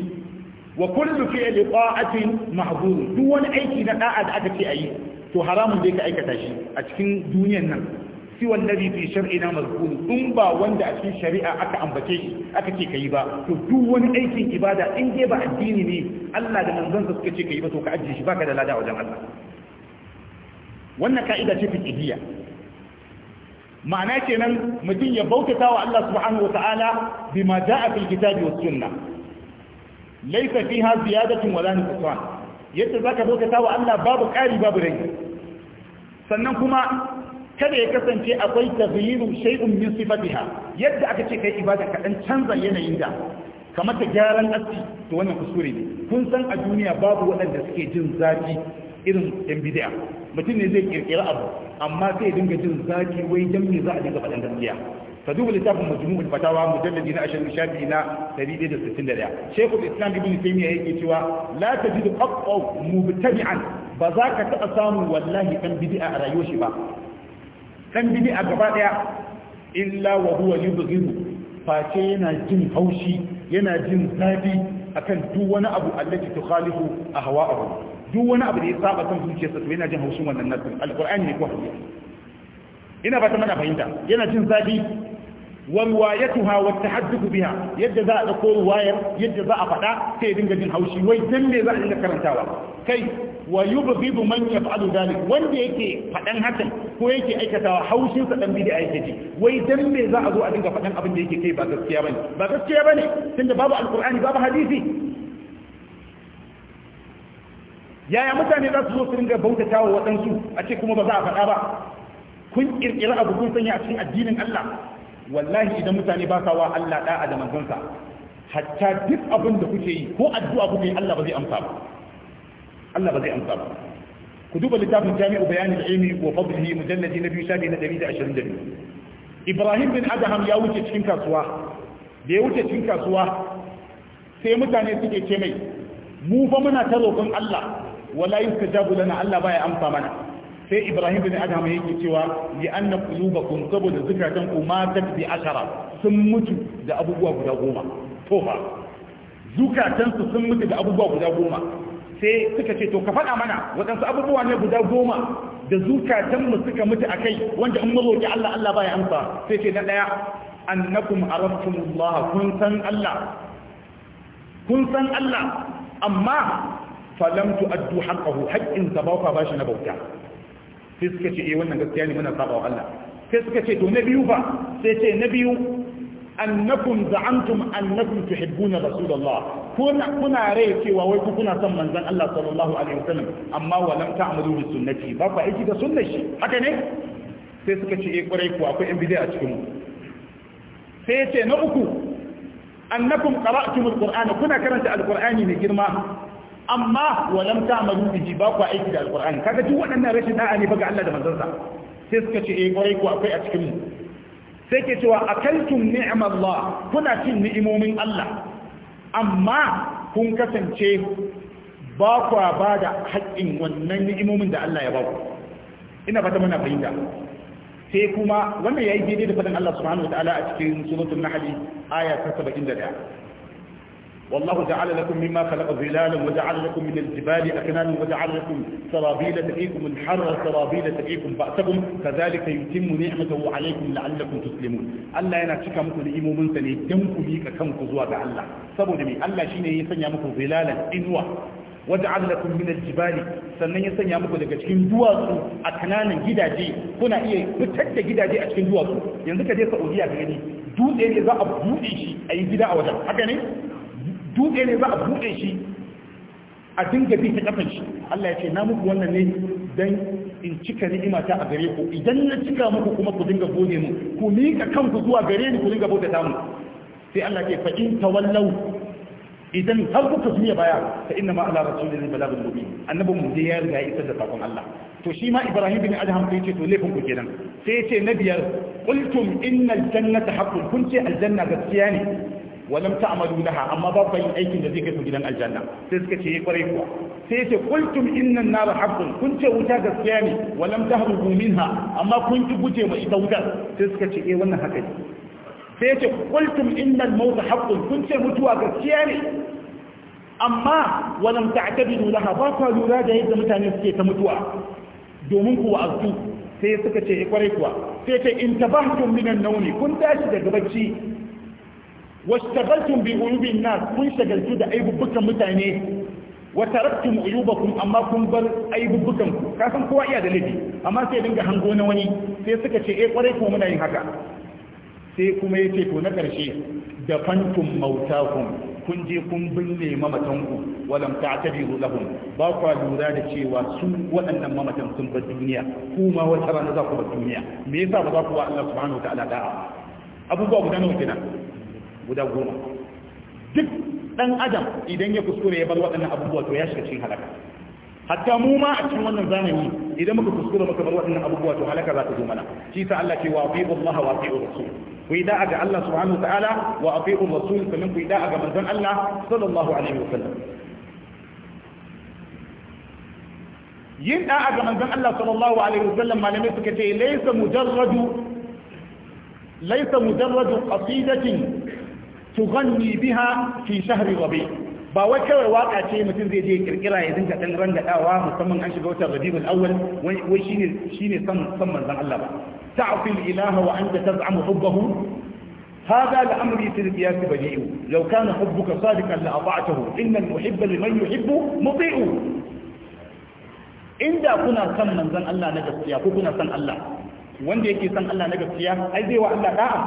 wa kullu fi'li ta'atin mahdhur duk wani aiki na da'a da aka ce ayi to haramun da ka aikata shi a cikin duniyan nan siwa alladhi fi shar'ina mazkur in ba wanda a cikin shari'a aka ambace shi aka ce ba to duk wani aikin ibada in dai ba addini ne Allah da manzon suka ce kai ba to ka ajiye shi baka da lada wajen Allah wannan ka'ida ce fiqhiyya ma'ana kenan mutum ya bautata wa Allah subhanahu wata'ala bima ja'a fil kitabi was sunna laysa fiha ziyadatun wala nuqsan yadda zaka bautata wa Allah babu ƙari babu rai sannan kuma kada ya kasance akwai tazyirun shay'un min sifatiha yadda aka ce kai ibada ka dan canza yanayin da kamar ta gyaran aski to wannan kuskure ne kun san a duniya babu waɗanda suke jin zafi irin yan bid'a mutum ne zai kirkira abu amma sai dinga jin zaki wai dan me za a dinga faɗan gaskiya ka duba littafin majmu'ul fatawa mujalladi na ashirin shafi na 161 shaykhul islam ibn taymiya yake cewa la tajidu qatta mubtadi'an ba za ka taɓa samu wallahi kan bid'a a rayuwar shi ba kan bid'a gaba daya illa wa huwa yubghidu face yana jin haushi yana jin zafi akan duk wani abu allati tukhalifu ahwa'ahu duk wani abu da ya saba kan zuciyarsa to yana jin haushin wannan nassin Al'ƙur'ani ne ko hadisi ina ba ta mana fahimta yana jin zafi wa riwayatuha wa tahaddathu biha yadda za a dauko riwayar yadda za a faɗa sai dinga jin haushi wai dan me za a dinga karantawa kai wa yubghidu man yaf'alu dhalik wanda yake faɗan hakan ko yake aikatawa haushin sa dan bid'a yake ji wai dan me za a zo a dinga faɗan abin da yake kai ba gaskiya bane ba gaskiya bane tunda babu alqur'ani babu hadisi yaya mutane za su zo su ringa bautata wa waɗansu a ce kuma ba za a faɗa ba kun ƙirƙira abu kun sanya a cikin addinin Allah wallahi idan mutane ba sa wa Allah da'a da manzonsa hatta duk abin da kuke yi ko addu'a kuke yi Allah ba zai amsa ba Allah ba zai amsa ba ku duba littafin jami'u bayanin ilmi wa fadlihi mujalladi na biyu shafi na 122 Ibrahim bin Adham ya wuce cikin kasuwa da ya wuce cikin kasuwa sai mutane suke ce mai mu fa muna ta roƙon Allah wala yustajabu lana Allah baya amsa mana sai Ibrahim bin Adham yake cewa li anna qulubakum saboda zukatan ku ma bi ashara sun mutu da abubuwa guda goma to ba zukatan su sun mutu da abubuwa guda goma sai suka ce to ka faɗa mana waɗansu abubuwa ne guda goma da zukatanmu suka mutu a kai wanda in maroƙi Allah Allah baya amsa sai ce na ɗaya annakum arabtum Allah kun san Allah kun san Allah amma falam addu haqqahu haqqin sa ba bashi na bauta sai suka ce eh wannan gaskiya ne muna saba wa Allah sai suka ce to na biyu fa sai ce na biyu annakum za'antum annakum tuhibbuna rasulullah kuna kuna rai cewa wai ku kuna son manzon Allah sallallahu alaihi wasallam amma wa lam ta'malu bi sunnati ba ku aiki da sunnar shi haka ne sai suka ce eh kurai ku akwai in bid'a a cikin mu sai ce na uku annakum qara'tum alqur'ana kuna karanta alqur'ani mai girma amma walam ta amalu biji ba ku aiki da alqur'ani kaga duk waɗannan rashin da'a ne ga Allah da manzansa sai suka ce eh kwarai ku akwai a cikin mu sai ke cewa akaltum ni'mallah kuna cin ni'imomin Allah amma kun kasance ba ku ba da haƙƙin wannan ni'imomin da Allah ya ba ku ina fata muna fahimta sai kuma wannan yayi daidai da faɗin Allah subhanahu a cikin suratul nahl aya ta 71 والله جعل لكم مما خلق ظلالا وجعل لكم من الجبال أكنانا وجعل لكم سرابيل تقيكم الحر سرابيل تقيكم بأسكم كذلك يتم نعمته عليكم لعلكم تسلمون الله yana cika muku ni'imomin sa ne dan ku ka kanku zuwa ga Allah saboda me Allah shine ya sanya muku zilalan inuwa waja'al lakum min al sannan ya sanya muku daga cikin duwatsu a kananan gidaje kuna iya fitar da gidaje a cikin duwatsu yanzu ka je Saudiya ka gani da za a buɗe shi a yi gida a wajen haka ne dutse ne za a buɗe shi a dinga bi ta kafan shi Allah ya ce na muku wannan ne dan in cika ni'imata a gare ku idan na cika muku kuma ku dinga gode mu ku miƙa kanku zuwa gare ni ku dinga bauta mu sai Allah ya ce fa in tawallau idan har kuka juya baya fa inna ma ala rasulillahi balagul mubin annabin mu dai ya riga ya isar da sakon Allah to shi ma Ibrahim bin Adham sai ce to laifin ku kenan sai ce na biyar qultum innal jannata haqqun kun ce aljanna gaskiya ne walam ta'malu laha amma ba ku yin aikin da zai kai ku gidan aljanna sai suka ce kwarai eh, kuwa sai ce qultum inna an-nar kun ce wuta gaskiya ne walam tahrubu minha amma kun ki guje ma ita wutar sai suka ce eh wannan haka ne sai ce qultum inna al-maut kun ce mutuwa gaskiya ne amma walam ta'tabidu laha ba ku lura da yadda mutane suke ta mutuwa domin ku wa'azu sai suka ce kwarai eh, kuwa sai in tabahtum minan nauni kun tashi daga barci. washtagaltum bi uyubin nas kun shagaltu da aibubbukan mutane wa taraktum uyubakum amma kun bar aibubbukan ku ka san kowa iya da laifi amma sai dinga hango na wani sai suka ce eh kwarai ko muna yin haka sai kuma yace to na karshe da fantum mautakum kun je kun binne mamatanku walam ta'tabiru lahum ba ku lura da cewa sun waɗannan mamatan sun bar duniya kuma wata rana za ku bar duniya me yasa ba za ku wa Allah subhanahu wa ta'ala da'a abubuwa guda nawa kenan guda goma duk dan adam idan ya kuskure ya bar waɗannan abubuwa to ya shiga cikin halaka hatta mu ma a cikin wannan zamani idan muka kuskure muka bar waɗannan abubuwa to halaka za ta zo mana shi sa Allah ce wa atiu Allah wa atiu Rasul ku yi da'a ga Allah subhanahu ta'ala wa atiu Rasul sannan ku yi ga manzon Allah sallallahu alaihi wasallam yin da'a ga manzon Allah sallallahu alaihi wasallam malamai suka ce laysa mujarradu laysa mujarradu qasidatin tughanni biha fi shahri rabi ba wai kawai waka ce mutum zai je kirkira ya dinga dan rangadawa musamman an shiga watan rabiul awwal wai shine shine san san manzon Allah ba ta'fi ilaha wa anta taz'amu hubbahu هذا الأمر في القياس بديع لو كان حبك صادقا لأطعته إن المحب لمن يحب مطيع إن دا كنا Allah na gaskiya ko kuna كنا Allah, wanda yake دي Allah na gaskiya ai أي wa Allah داعا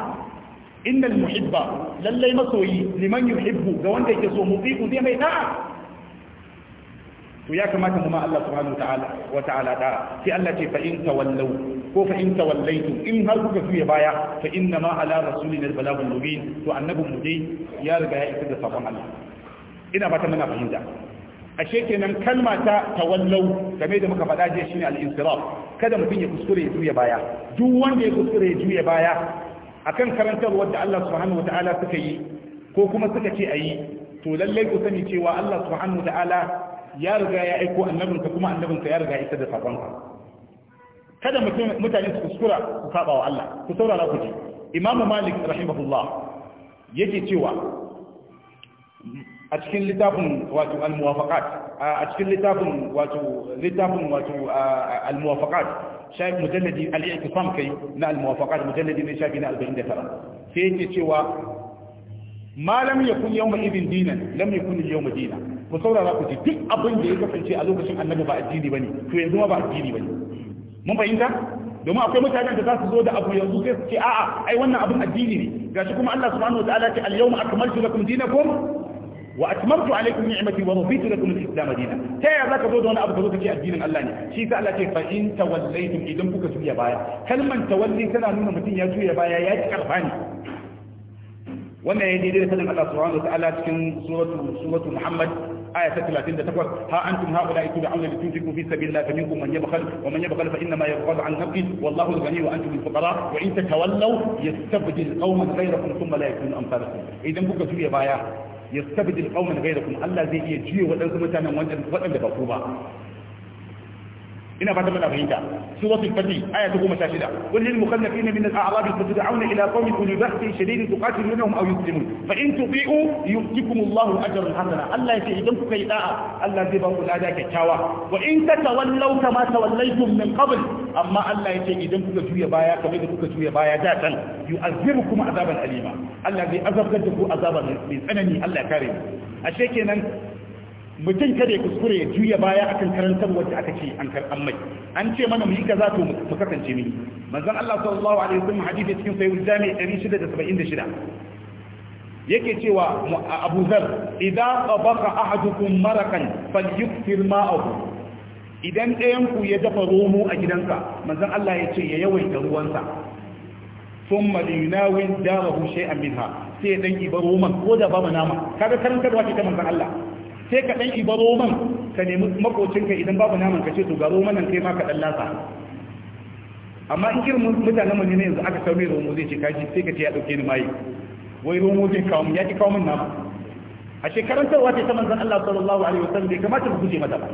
innal muhibba lallai masoyi liman yuhibbu ga wanda yake so mutiku zai mai da'a to ya kamata mu ma Allah subhanahu ta'ala wa ta'ala da sai Allah ce fa in tawallu ko fa in tawallaitu in har kuka juya baya fa inna ma ala rasulina al-balagul mubin to annabin mu dai ya riga ya isa da sabon Allah ina fata muna fahimta ashe kenan kalma ta tawallau game da muka faɗa jiya shine al-insiraf kada mutum ya kuskure ya juya baya duk wanda ya kuskure ya juya baya akan karantarwar da Allah subhanahu wata'ala suka yi ko kuma suka ce ayi to lallai ku sani cewa Allah subhanahu wata'ala ya riga ya aiko annabinka kuma annabinka ya riga ya isa da sakonka kada mutane su kuskura su saba wa Allah ku saurara ku ji Imam Malik rahimahullah yake cewa a cikin littafin wato al-muwafaqat a cikin littafin wato littafin wato al-muwafaqat shafi mujalladi al-i'tisam kai na al-muwafaqat mujalladi ne shafi na 49 sai yake cewa ma lam yakun yawma idin dinan lam yakun al-yawma dinan ku saurara ku ji duk abin da ya kasance a lokacin annabi ba addini bane to yanzu ma ba addini bane mun fahimta domin akwai mutanen da za su zo da abu yanzu sai su ce a'a ai wannan abin addini ne gashi kuma Allah subhanahu wa ta'ala ce al-yawma akmaltu lakum dinakum واتممت عليكم نعمتي ورضيت لكم الاسلام دينا تي ذاك دو انا ابو دوك الدين الله ني شي sai الله تي فان توليتم اذن idan kuka بايا كلمه تولي tawalli tana متين يا ya بايا يا ya ci يدي دي wannan الله سبحانه وتعالى في سوره سوره محمد آية 38 ها أنتم هؤلاء تدعون لتنفقوا في سبيل الله فمنكم من يبخل ومن يبخل فإنما يبخل عن نفسه والله الغني وأنتم الفقراء وإن تتولوا يستبدل قوما غيركم ثم لا يكون أمثالكم إذا بك سوريا بايا yastabdil qauman kuma Allah zai iya juye waɗansu mutanen waɗanda ba ku ba ina fata muna fahimta suratul fatih aya ta 16 wal lil mukhallafina min al-a'rab yatad'una ila qawmin uli ba'sin shadidin tuqatilunhum aw yuslimun fa in tuqi'u yu'tikum Allahu ajran hasana Allah ya ce idan kuka yi da'a Allah zai ba ku lada kyakkyawa wa in tatawallaw kama tawallaytum min qabl amma Allah ya ce idan kuka juya baya kamar da kuka juya baya da tan yu'azzibukum azaban alima Allah zai azabtar da ku azaban mai tsanani Allah ya kare ashe kenan mutum kada ya kuskure ya juya baya akan karantar wacce aka ce an karɓan mai an ce mana mu yi kaza to mu kasance mini manzon Allah sallallahu alaihi wasallam hadisi cikin sahih jami 676 yake cewa Abu Zar idza tabaqa ahadukum marakan falyukthir ma'ahu idan ɗayan ku ya dafa romo a gidansa manzon Allah ya ce ya yawaita ruwansa thumma linawin darahu shay'an minha sai dan ibar roman ko da babu nama kaga karantarwa ce ta manzon Allah sai ka ɗan iba roman ka nemi makocinka idan babu naman ka ce to ga roman nan kai ma ka ɗan lasa amma in irin mutanen mu ne yanzu aka kawo mai romo zai ce kaji sai ka ce ya ɗauke ni maye wai romo zai kawo ya ki kawo min nama a shekarantarwa ce ta manzan Allah sallallahu alaihi wasallam bai kamata ku guje mata ba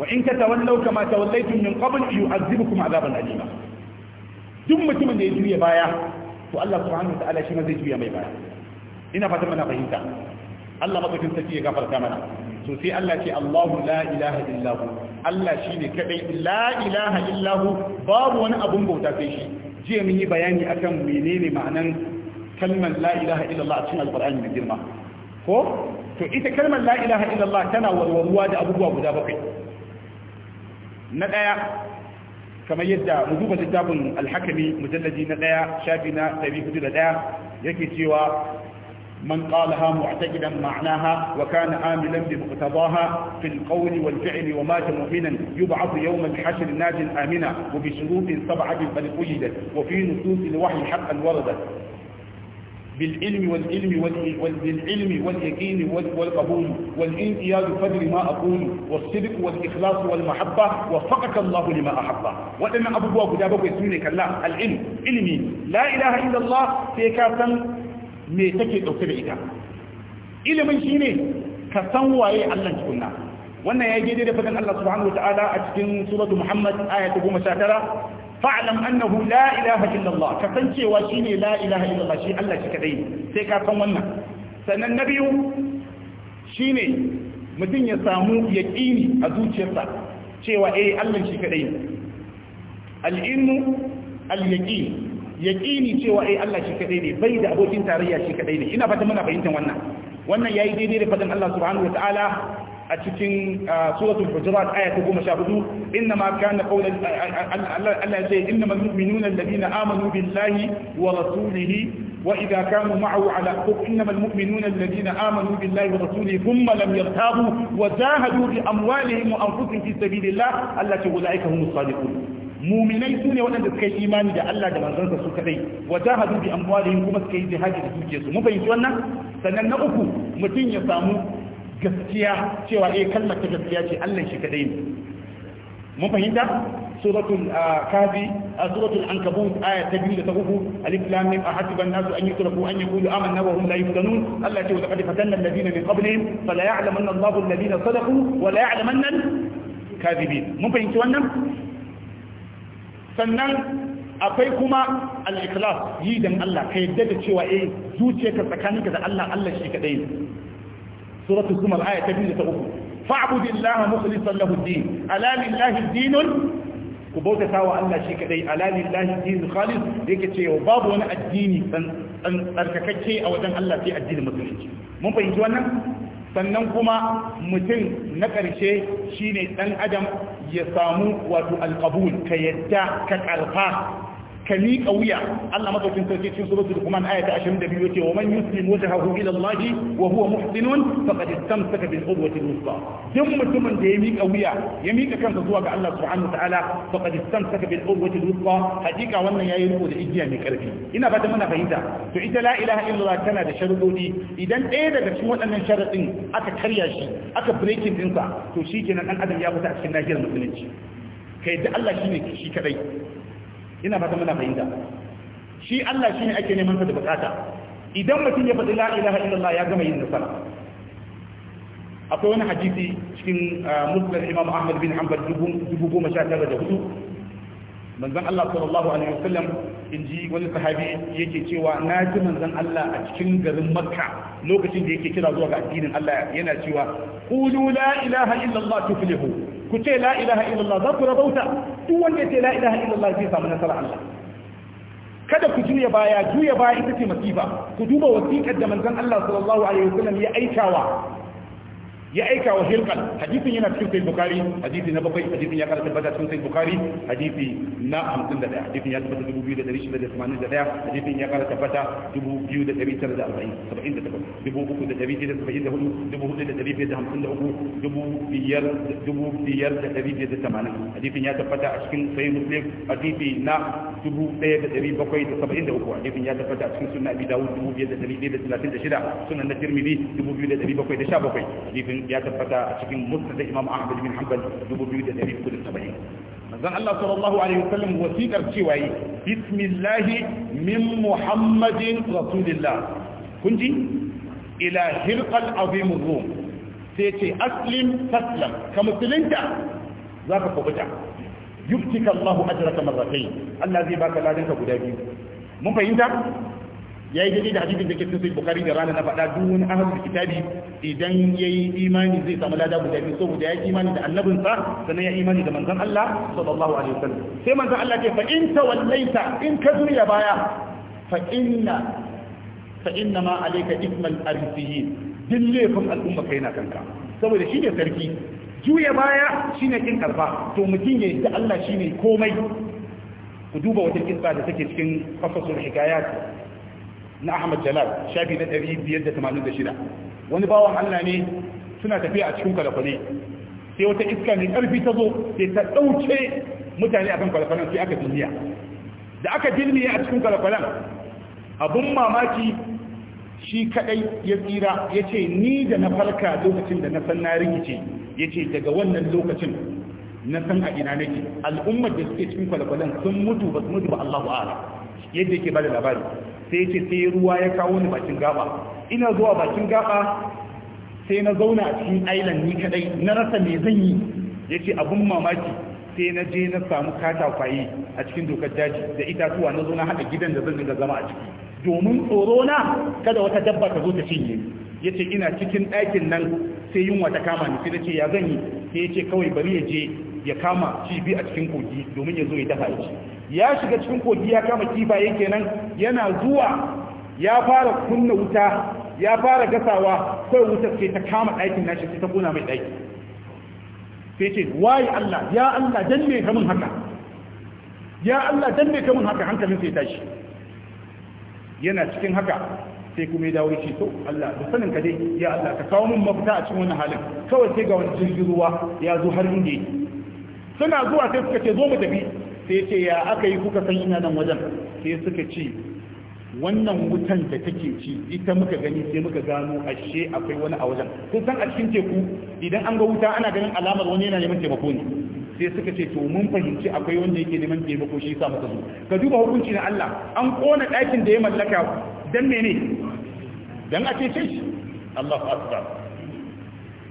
wa in ka tawallau kama tawallaitum min qabl yu'azzibukum azaban alima duk mutumin da ya juya baya to Allah subhanahu wa ta'ala shi ma zai juya mai baya ina fatan mana fahimta Allah madaukin sarki ya gafarta mana to sai Allah ce Allahu la ilaha illa hu Allah shine kadai la ilaha illa hu babu wani abun bauta sai shi jiya mun yi bayani akan menene ma'anan kalmar la ilaha a cikin alqur'ani mai girma ko to ita kalmar la ilaha tana warwaruwa da abubuwa guda bakwai na daya kamar yadda mu duba littafin alhakami mujalladi na daya shafi na 401 yake cewa من قالها معتقدا معناها وكان عاملا بمقتضاها في القول والفعل ومات مؤمنا يبعث يوم الحشر ناج آمنا وبشروط سبعة قد وجدت وفي نصوص الوحي حقا وردت بالعلم والعلم والعلم واليقين والقبول والانقياد قدر ما اقول والصدق والاخلاص والمحبه وفقك الله لما احبه وان ابو بكر guda لا العلم علمي لا اله الا الله ilaha illallah me take dauke da ita ilimin shine ka san waye Allah tukunna wannan ya daidai da fadan Allah subhanahu wataala a cikin suratu Muhammad aya ta 19 fa'lam annahu la ilaha illa ka san cewa shine la ilaha illa shi Allah shi kadai sai ka san wannan sannan na biyu shine mutum ya samu yaqini a zuciyarsa cewa eh Allah shi kadai al-ilmu al-yaqin yaqini cewa ai eh, Allah shi kaɗai ne bai da abokin tarayya shi kaɗai ne ina fata muna fahimtar wannan wannan yayi daidai da fadan Allah subhanahu wataala a cikin suratul hujurat aya ta 14 inna ma kana qawlan Allah ya ce inna al-mu'minuna alladhina amanu billahi wa rasulihi وإذا كانوا معه على حقوق إنما المؤمنون الذين آمنوا بالله ورسوله ثم لم يرتابوا وجاهدوا بأموالهم وأنفسهم في سبيل الله التي أولئك هم الصادقون muminai su ne waɗanda suka yi imani da Allah da manzansa su kadai wata hadu bi amwalihim kuma suka yi jihadi da dukiyar su mun fahimci wannan sannan na uku mutum ya samu gaskiya cewa eh kalmar ta gaskiya ce Allah shi kadai ne mun fahimta suratul ah, kafi ah, suratul ankabut aya ta biyu da ta uku alif lam mim ahasiba an-nasu an yutraku an yaqulu amanna wa hum la yuftanun Allah ce wa laqad fatanna alladhina min qablihim fala ya'lamanna Allahu alladhina sadaqu wa la ya'lamanna kadibin mun fahimci wannan sannan akwai kuma al yi dan Allah ka yadda da cewa eh zuciyarka tsakaninka da Allah Allah shi kadai ne suratul aya ta da ta uku fa'budu illaha mukhlishan sallahu din ala lillahi ad ku bautata wa Allah shi kadai ala lillahi ad-din khalis yake cewa babu wani addini tsarkakakke a wajen Allah sai addinin musulunci mun fahimci wannan sannan kuma mutum na ƙarshe shine ɗan adam ya samu wato alƙabul ka yadda ka ƙarfa ka miƙa wuya Allah madaukin sarki cikin suratul Luqman aya ta 22 yace wa man yuslim wajhahu ila Allah wa huwa muhsinun faqad istamsaka bil urwati al-wuthqa duk mutumin da ya miƙa wuya ya miƙa kanka zuwa ga Allah subhanahu wa ta'ala faqad istamsaka bil urwati al-wuthqa hakika wannan yayi riko da igiya mai karfi ina fata muna fahimta to ita la ilaha illallah tana da sharuɗi idan ɗaya daga cikin waɗannan sharuɗin aka karya shi aka breaking ɗinsa to shikenan dan adam ya fita a cikin nahiyar musulunci kai da Allah shine shi kadai ina fata muna fahimta shi Allah shine ake neman sa da bukata idan mutum ya faɗi la ilaha illallah ya gama yin nasara akwai wani hadisi cikin uh, muslim imam ahmad bin hanbal dubu goma sha tara da hudu manzon Allah sallallahu alaihi wasallam in ji wani sahabi yake cewa na ji manzon Allah a cikin garin makka lokacin da yake kira zuwa ga addinin Allah yana cewa qulu la ilaha illallah tuflihu ku ce la ilaha illallah za ku rabauta duk wanda ce la ilaha illallah zai samu nasara Allah kada ku juya baya juya baya ita ce masifa ku duba wasiƙar da manzon Allah sallallahu alaihi wasallam ya aikawa ya aika wa hilqan hadithin yana cikin sahih bukhari hadithi na bakwai hadithin ya karanta bada cikin sahih bukhari hadithi na 51 hadithin ya tabbata 2681 hadithin ya karanta bada 2940 78 3553 hadithin ya tabbata a cikin sahih muslim hadithi na 1773 hadithin ya tabbata a cikin sunan abi dawud 2536 sunan na tirmidhi 2717 hadithin hadisin ya tabbata a cikin musnad Imam Ahmad bin Hanbal 2370 manzon Allah sallallahu alaihi wasallam wasiƙar cewa yi bismillah min Muhammadin rasulillah kun ji ila hirqal azim rum sai ce aslim taslam ka musulunta ka kubuta yubtika Allah ajraka marratayn Allah zai baka ka guda biyu mun fahimta ya yi daidai da hadisin da ke cikin sai bukari da rana na faɗa duk wani ahlul kitabi idan ya yi imani zai samu lada guda biyu saboda ya yi imani da annabinsa sannan ya yi imani da manzon Allah sallallahu alaihi wasallam sai manzon Allah ke fa in tawallaita in ka zuriya baya fa inna fa inna ma alayka ismal arsiyin dillefin al'umma kai na kanka saboda shi ne sarki juya baya shi ne kin karba to mutum ya yi Allah shi ne komai ku duba wata kinsa da take cikin kafasul hikayat na Ahmad Jalal shafi na 586 wani bawan Allah ne suna tafiya a cikin kwalakwale sai wata iska mai karfi ta zo sai ta dauce mutane akan kwalakwalen sai aka dilmiya da aka dilmiya a cikin kwalakwalen abun mamaki shi kaɗai ya tsira ya ce ni da na farka lokacin da na san na rikice ya ce daga wannan lokacin na san a ina nake al'ummar da suke cikin kwalakwalen sun mutu ba su mutu ba Allahu a'ala yadda yake bada labari sai ce sai ruwa ya kawo ni bakin gaba ina zuwa bakin gaba sai na zauna a cikin ailan ni kadai na rasa me zan yi yace abun mamaki sai na je na samu katakwaye a cikin dokar daji da itatuwa na zo na haɗa gidan da zan dinga zama a ciki domin tsoro na kada wata dabba ta zo ta cinye ya ce ina cikin ɗakin nan sai yunwa ta kama ni sai na ce ya zan yi sai ya ce kawai bari ya je ya kama kibi a cikin kogi domin ya zo ya dafa shi ya shiga cikin kogi ya kama kifaye kenan yana zuwa ya fara kunna wuta ya fara gasawa sai wuta ce ta kama ɗakin nashi sai ta kona mai ɗaki sai ce waye Allah ya Allah dan me kamun haka ya Allah dan me kamun haka hankalin sai tashi yana cikin haka sai kuma ya dawo ce to Allah da sanin ka dai ya Allah ka kawo min mafita a cikin wannan halin kawai sai ga wani jirgin ruwa ya zo har inda yake suna zuwa sai suka ce zo mu tafi sai ce ya aka yi kuka san ina nan wajen sai suka ce wannan wutan da take ci ita muka gani sai muka gano ashe akwai wani a wajen kun san a cikin teku idan an ga wuta ana ganin alamar wani yana neman taimako ne sai suka ce to mun fahimci akwai wanda yake neman taimako shi yasa muka zo ka duba hukunci na Allah an kona ɗakin da ya mallaka dan mene dan a ce shi Allahu akbar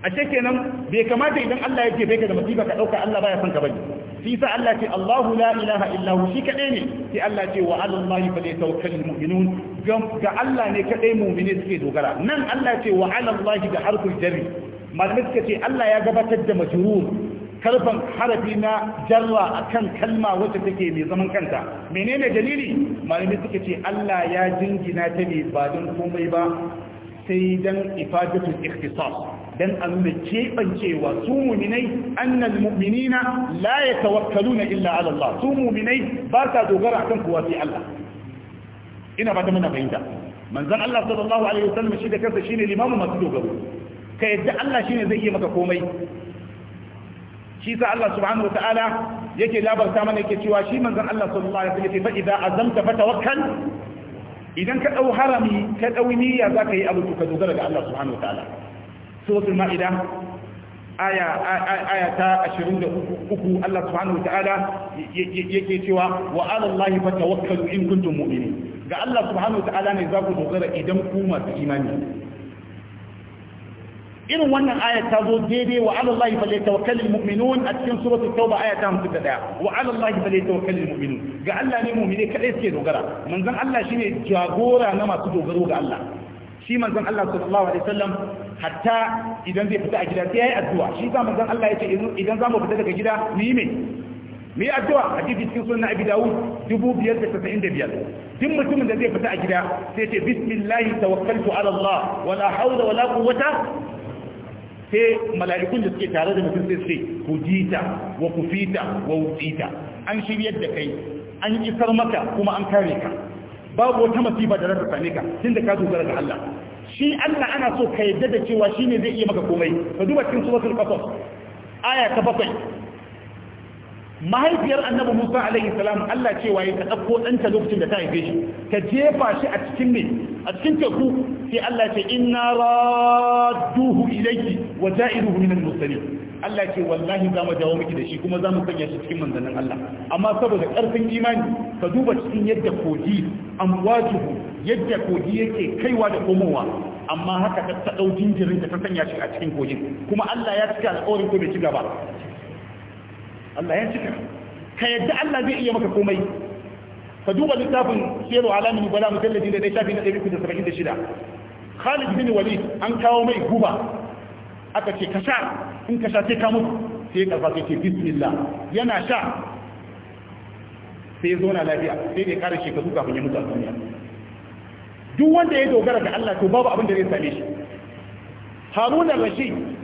ashe kenan bai kamata idan Allah ya jefe ka da musiba ka dauka Allah baya son ka bane shi sa Allah ce Allahu la ilaha illa hu shi kadai ne sai Allah ce wa ala Allah fa tawakkalul mu'minun ga Allah ne kadai mu'mini suke dogara nan Allah ce wa ala Allah da harful jarri malamai suka ce Allah ya gabatar da majrur kalban harafi na jarra akan kalma wacce take mai zaman kanta menene dalili malamai suka ce Allah ya jingina ta ne ba don komai ba sai dan ifadatul ikhtisas dan a nuna keɓancewa su muminai annal muminina la ya illa ala Allah su muminai ba ta dogara akan kowa sai Allah ina ba ta muna fahimta manzon Allah sallallahu alaihi wasallam shi da kansa shine limamu masu dogaro ka yadda Allah shine zai iya maka komai shi sa Allah subhanahu wa ta'ala yake labarta mana yake cewa shi manzon Allah sallallahu alaihi wasallam fa idza azamta fatawakkal idan ka dau harami ka dau niyya zaka yi abu ka dogara ga Allah subhanahu wa ta'ala suratul ma'ida aya aya ta 23 Allah subhanahu wa ta'ala yake cewa wa 'ala Allahi fatawakkalu in kuntum mu'minin ga Allah subhanahu wa ta'ala ne za ku dogara idan ku masu imani irin wannan ayat ta zo daidai wa ala Allah bal yatawakkalul mu'minun a cikin suratu tauba aya ta 51 wa ala Allah bal yatawakkalul mu'minun ga Allah ne mu'mine kadai suke dogara manzon Allah shine jagora na masu dogaro ga Allah shi manzon Allah sallallahu alaihi wasallam hatta idan zai fita a gida sai yayi addu'a shi sa manzon Allah yace idan zamu fita daga gida mu yi me mu yi addu'a hadisi cikin sunan Abi Dawud 2595 duk mutumin da zai fita a gida sai ce bismillah tawakkaltu ala Allah wala hawla wala quwwata sai mala'ikun da suke tare da mutum sai sai hujita wa ku fita, wa wujita an shiryar da kai an isar maka kuma an kare ka babu wata masifa da rarrafa same ka da ka dogara ga Allah shi Allah ana so ka yadda da cewa shine zai iya maka komai ka duba cikin suratul qasas aya ta bakwai mahaifiyar annabi musa alaihi salam allah cewa ya ta ɗanta lokacin da ta haife shi ka jefa shi a cikin ne a cikin teku sai allah ce inna radduhu ilayki wa ja'iruhu min al-mursalin allah ce wallahi za mu jawo miki da shi kuma za mu sanya shi cikin manzannin allah amma saboda ƙarfin imani ka duba cikin yadda kogi amwajuhu yadda kogi yake kaiwa da komowa amma haka ta ɗau jinjirin ta sanya shi a cikin kogin kuma allah ya cika alƙawarin ko bai ci gaba Allah ya cika ka yadda Allah zai iya maka komai ka duba littafin sirru alamin bala mujalladi da dai shafi na 376 Khalid bin Walid an kawo mai guba aka ce ka sha in ka sha sai ka mutu sai karfa sai ce bismillah yana sha sai zo na lafiya sai dai kare shekaru kafin ya mutu a duniya duk wanda ya dogara ga Allah to babu abin da zai same shi Harun al-Rashid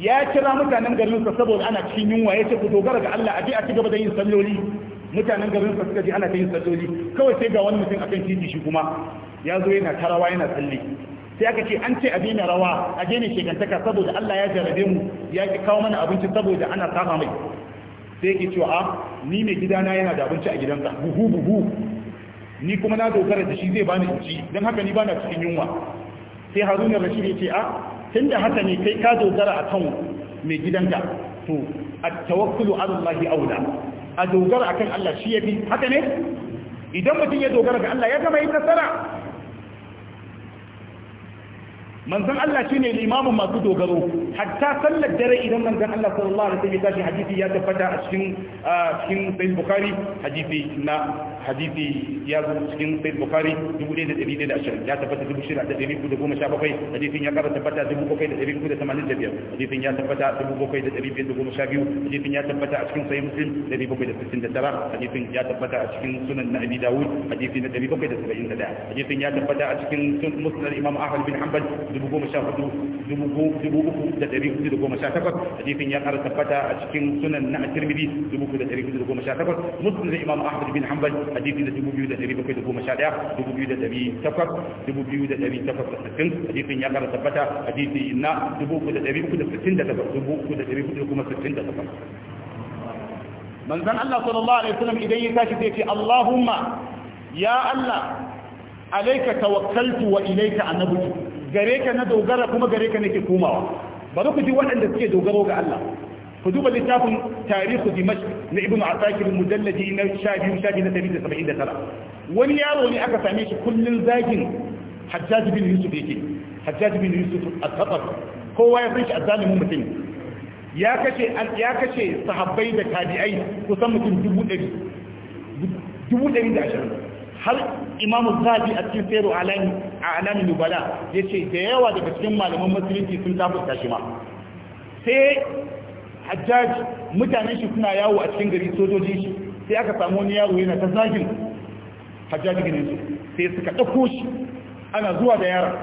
ya kira mutanen garinsa saboda ana cikin yunwa ya ce ku dogara ga Allah a je a ci gaba da yin salloli mutanen garinsa suka ji ana ta yin salloli kawai sai ga wani mutum akan titi shi kuma ya zo yana rawa yana tsalle sai aka ce an ce a daina rawa a ne shekantaka saboda Allah ya jarabe mu ya ki kawo mana abinci saboda ana saba mai sai yake cewa ah, ni mai gidana yana da abinci a gidansa buhu buhu ni kuma na dogara da shi zai bani ci don haka ni bana cikin yunwa sai haruna rashid ya ce a ah, tun da haka ne kai ka dogara a kan mai gidanka to a tawakkulu alallahi aula a dogara a kan Allah shi ya fi haka ne idan mutum ya dogara ga Allah ya gama yin nasara manzan Allah shi ne limamin masu dogaro hatta sallar dare idan manzan Allah sallallahu alaihi wasallam ya tashi hadisi ya tabbata a cikin cikin Sahih Bukhari hadisi na hadisi ya zo cikin sai bukari 1120 ya tabbata 6417 hadisin ya kara tabbata 7785 hadisin ya tabbata 7512 hadisin ya tabbata a cikin sai muslim 769 hadisin ya tabbata a cikin sunan na abi dawud hadisi na 771 hadisin ya tabbata a cikin musnad imam ahmad bin hanbal 13418 hadisin ya kara tabbata a cikin sunan na at-tirmidhi 1418 musnad imam ahmad bin hanbal hadisi da da da da dubu dubu biyu biyu 2711 da sittin hadisin ya kara tabbata hadisi na 3368 manzan Allah sallallahu Alaihi wasallam idan ya tashi zai ce Allahumma ya Allah alaika tawakkaltu wa ilaika annabutu gare ka na dogara kuma gare ka nake komawa bari ku ji waɗanda suke dogaro ga Allah ku duba littafin tarihu dimash na ibnu asakir mujallaji na 12 shafi na 179 wani yaro ne aka same shi kullun zagin hajjaj bin yusuf yake hajjaj bin yusuf al kowa ya san azalimin mutum ya kashe ya sahabbai da tabi'ai kusan mutum dubu ɗari dubu ɗari da ashirin har imam zabi a cikin sayarwa alami nubala ya ce da yawa daga cikin malaman musulunci sun shi ma sai hajjaj mutanen shi suna yawo a cikin gari sojojin shi sai aka samu wani yaro yana ta zagin hajjaj ginin su sai suka ɗauko shi ana zuwa da yaron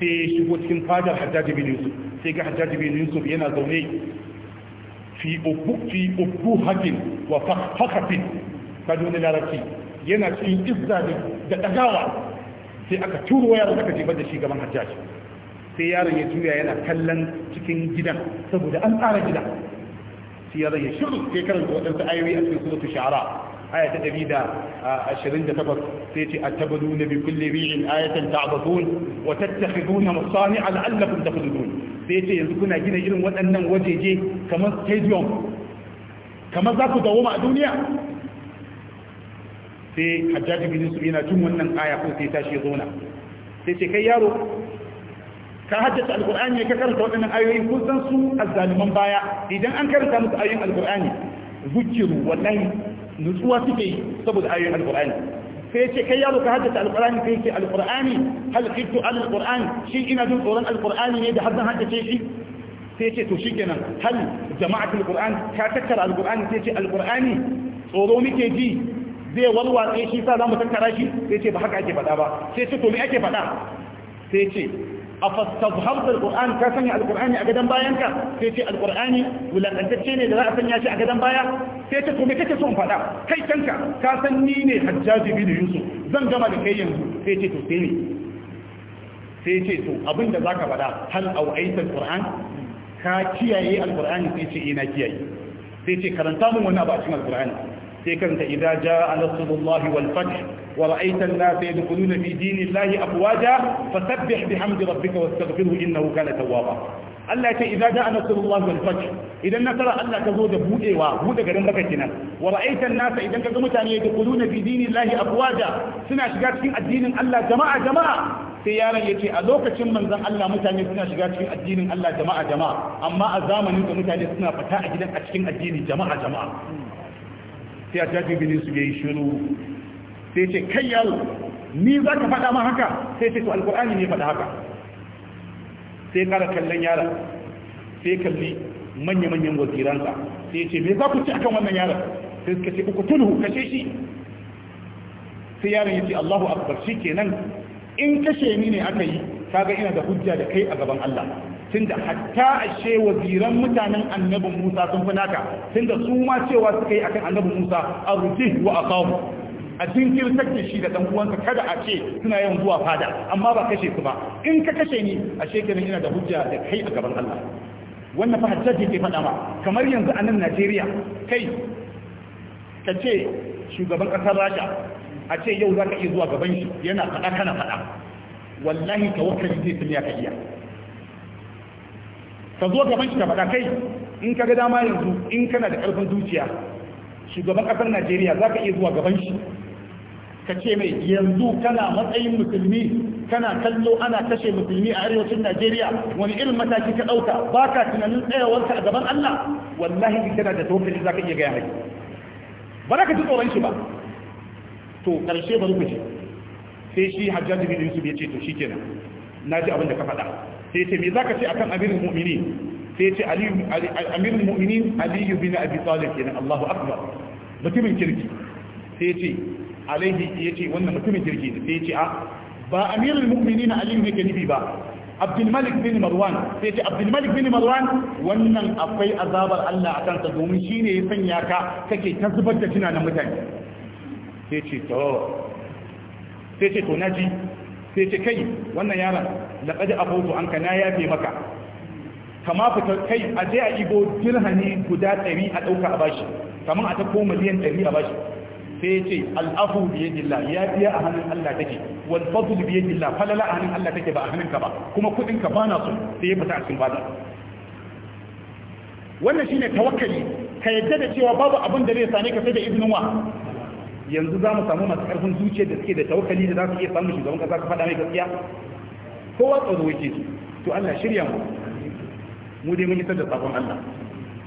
sai shigo cikin fadar hajjaj bin su sai ga hajjaj bin su yana zaune fi ubu fi ubu hakin wa hakafin kaji wani larabci yana cikin izza da dagawa sai aka turo yaron aka jefar da shi gaban hajjaj sai yaron ya juya yana kallon cikin gidan saboda an tsara gidan sai yaron ya shiru sai karanta waɗansu ayoyi a cikin suratul shu'ara aya ta da da ashirin takwas sai ce atabaduna bi kulli ri'in ayatan ta'budun wa tattakhiduna masani'a la'allakum takhludun sai ce yanzu kuna gina irin waɗannan wajeje kamar stadium kamar za ku dawoma a duniya sai hajjaji bin su yana jin wannan aya ko sai tashi ya zauna sai ce kai yaro ka haddace alkur'ani ka karanta waɗannan ayoyin kun san su azzaliman baya idan an karanta musu ayoyin alkur'ani zukiru wallahi nutsuwa suke yi saboda ayoyin alkur'ani sai ce kai yaro ka haddata alkur'ani kai ce alkur'ani hal khiftu al alkur'ani shi ina jin tsoron alkur'ani ne da har zan haddace shi sai ce to shikenan hal jama'atul alkur'ani ka tattara alkur'ani sai ce alkur'ani tsoro nake ji zai walwatsa shi sa za mu tattara shi sai ce ba haka ake faɗa ba sai ce to me ake faɗa sai ce A da alqur'an ka sanya alqur'ani a gadan bayanka sai ce alqur'ani wulakantacce ne da za a sanya shi a gadan baya sai ce to me kake son faɗa kai kanka ka san ni ne hajjaji da yusuf zan gama da kai yanzu sai ce to sai ne sai ce to abinda zaka faɗa hal au aitan qur'an ka kiyaye alqur'ani sai ce ina kiyaye sai ce karanta mun wani abu a cikin alqur'ani sai kanta idza jaa nasrullahi wal fath wa ra'aita an-nasa yadkhuluna fi dinillahi afwaja fasabbih bihamdi rabbika wastaghfirhu innahu kana tawwaba Allah ya ce idza jaa nasrullahi wal fath idan nasara Allah ta zo da budewa bude garin baka kenan wa ra'aita an-nasa idan ga mutane yadkhuluna fi dinillahi afwaja suna shiga cikin addinin Allah jama'a jama'a sai yaron ya ce a lokacin manzon Allah mutane suna shiga cikin addinin Allah jama'a jama'a amma a zamanin da mutane suna fita a gidan a cikin addini jama'a jama'a sai a tafi su ya yi shiru sai ce kai yaro ni za ka faɗa ma haka sai ce to alkur'ani ne faɗa haka sai ƙara kallon yara sai kalli manya-manyan waziransa sai ce me za ku ci akan wannan yara sai suka ce uku ka kashe shi sai yara ya ce Allahu akbar shi kenan in kashe ni ne aka yi kaga ina da hujja da kai a gaban Allah tunda hatta ashe waziran mutanen annabi Musa sun fi naka tunda su ma cewa suka yi akan annabi Musa arutih wa aqamu a jinkirtar da shi da dan uwansa kada a ce suna yawan zuwa fada amma ba kashe su ba in ka kashe ni a shekarun ina da hujja da kai a gaban Allah wannan fa hajjaji ke faɗa ma. kamar yanzu a nan Najeriya kai ka ce shugaban ƙasar Rasha a ce yau za ka iya zuwa gaban shi yana faɗa kana faɗa wallahi tawakkali zai tunya ka iya ka zo gaban shi ka faɗa kai in ka ga dama yanzu in kana da ƙarfin zuciya shugaban ƙasar najeriya za ka iya zuwa gaban shi ka ce mai yanzu kana matsayin musulmi kana kallo ana kashe musulmi a arewacin najeriya wani irin mataki ka ɗauka ba ka tunanin tsayawarka a gaban allah wallahi in kana da tofili za ka iya gaya mai ba za ka ji tsoron shi ba to ƙarshe ba ku sai shi hajjaji bin yusuf ya ce to shikenan na ji abin da ka faɗa sai ce me za zaka ce kan amirul mu'minin sai ce aliyu amirul mu'minin aliyu bin abi talib kenan Allahu akbar mutumin kirki sai ce alaihi ce wannan mutumin kirki ne. sai ce a ba amirul mu'minin aliyu ne ke nufi ba Malik bin marwan sai ce Malik bin marwan wannan akwai azabar Allah a kansa domin shi ne ya sanya ka kake ta zubar da tunanin mutane sai ce to sai ce to naji sai ce kai wannan yaron laqad afawtu ka na yafe maka kama fitar kai a je a ibo dirhami guda ɗari a ɗauka a bashi kamar a tako miliyan ɗari a bashi sai ce al'afu biye jilla ya biya a hannun Allah take wal fadl biye jilla falala a hannun Allah take ba a hannun ka ba kuma kuɗin ka bana su sai ya fita a cikin bada wannan shine tawakkali ka yadda da cewa babu abin da zai sane ka sai da izinin wa yanzu za mu samu masu karfin zuciya da suke da tawakkali da za su iya samun shugaban kasa ka faɗa mai gaskiya kowa tsaro yake to Allah shirya mu mu dai mun yi da sabon Allah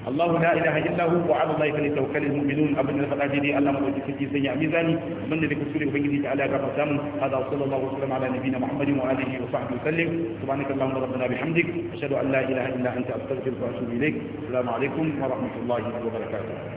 الله لا اله الا هو وعلى الله فليتوكل المؤمنون ابن الفقاد دي الله ما في في سنيا ميزاني من ذي كسور وبنجي تعالى غفرتم هذا صلى الله وسلم على نبينا محمد واله وصحبه وسلم سبحانك اللهم ربنا بحمدك اشهد ان لا اله الا انت استغفرك واتوب اليك السلام عليكم ورحمه الله وبركاته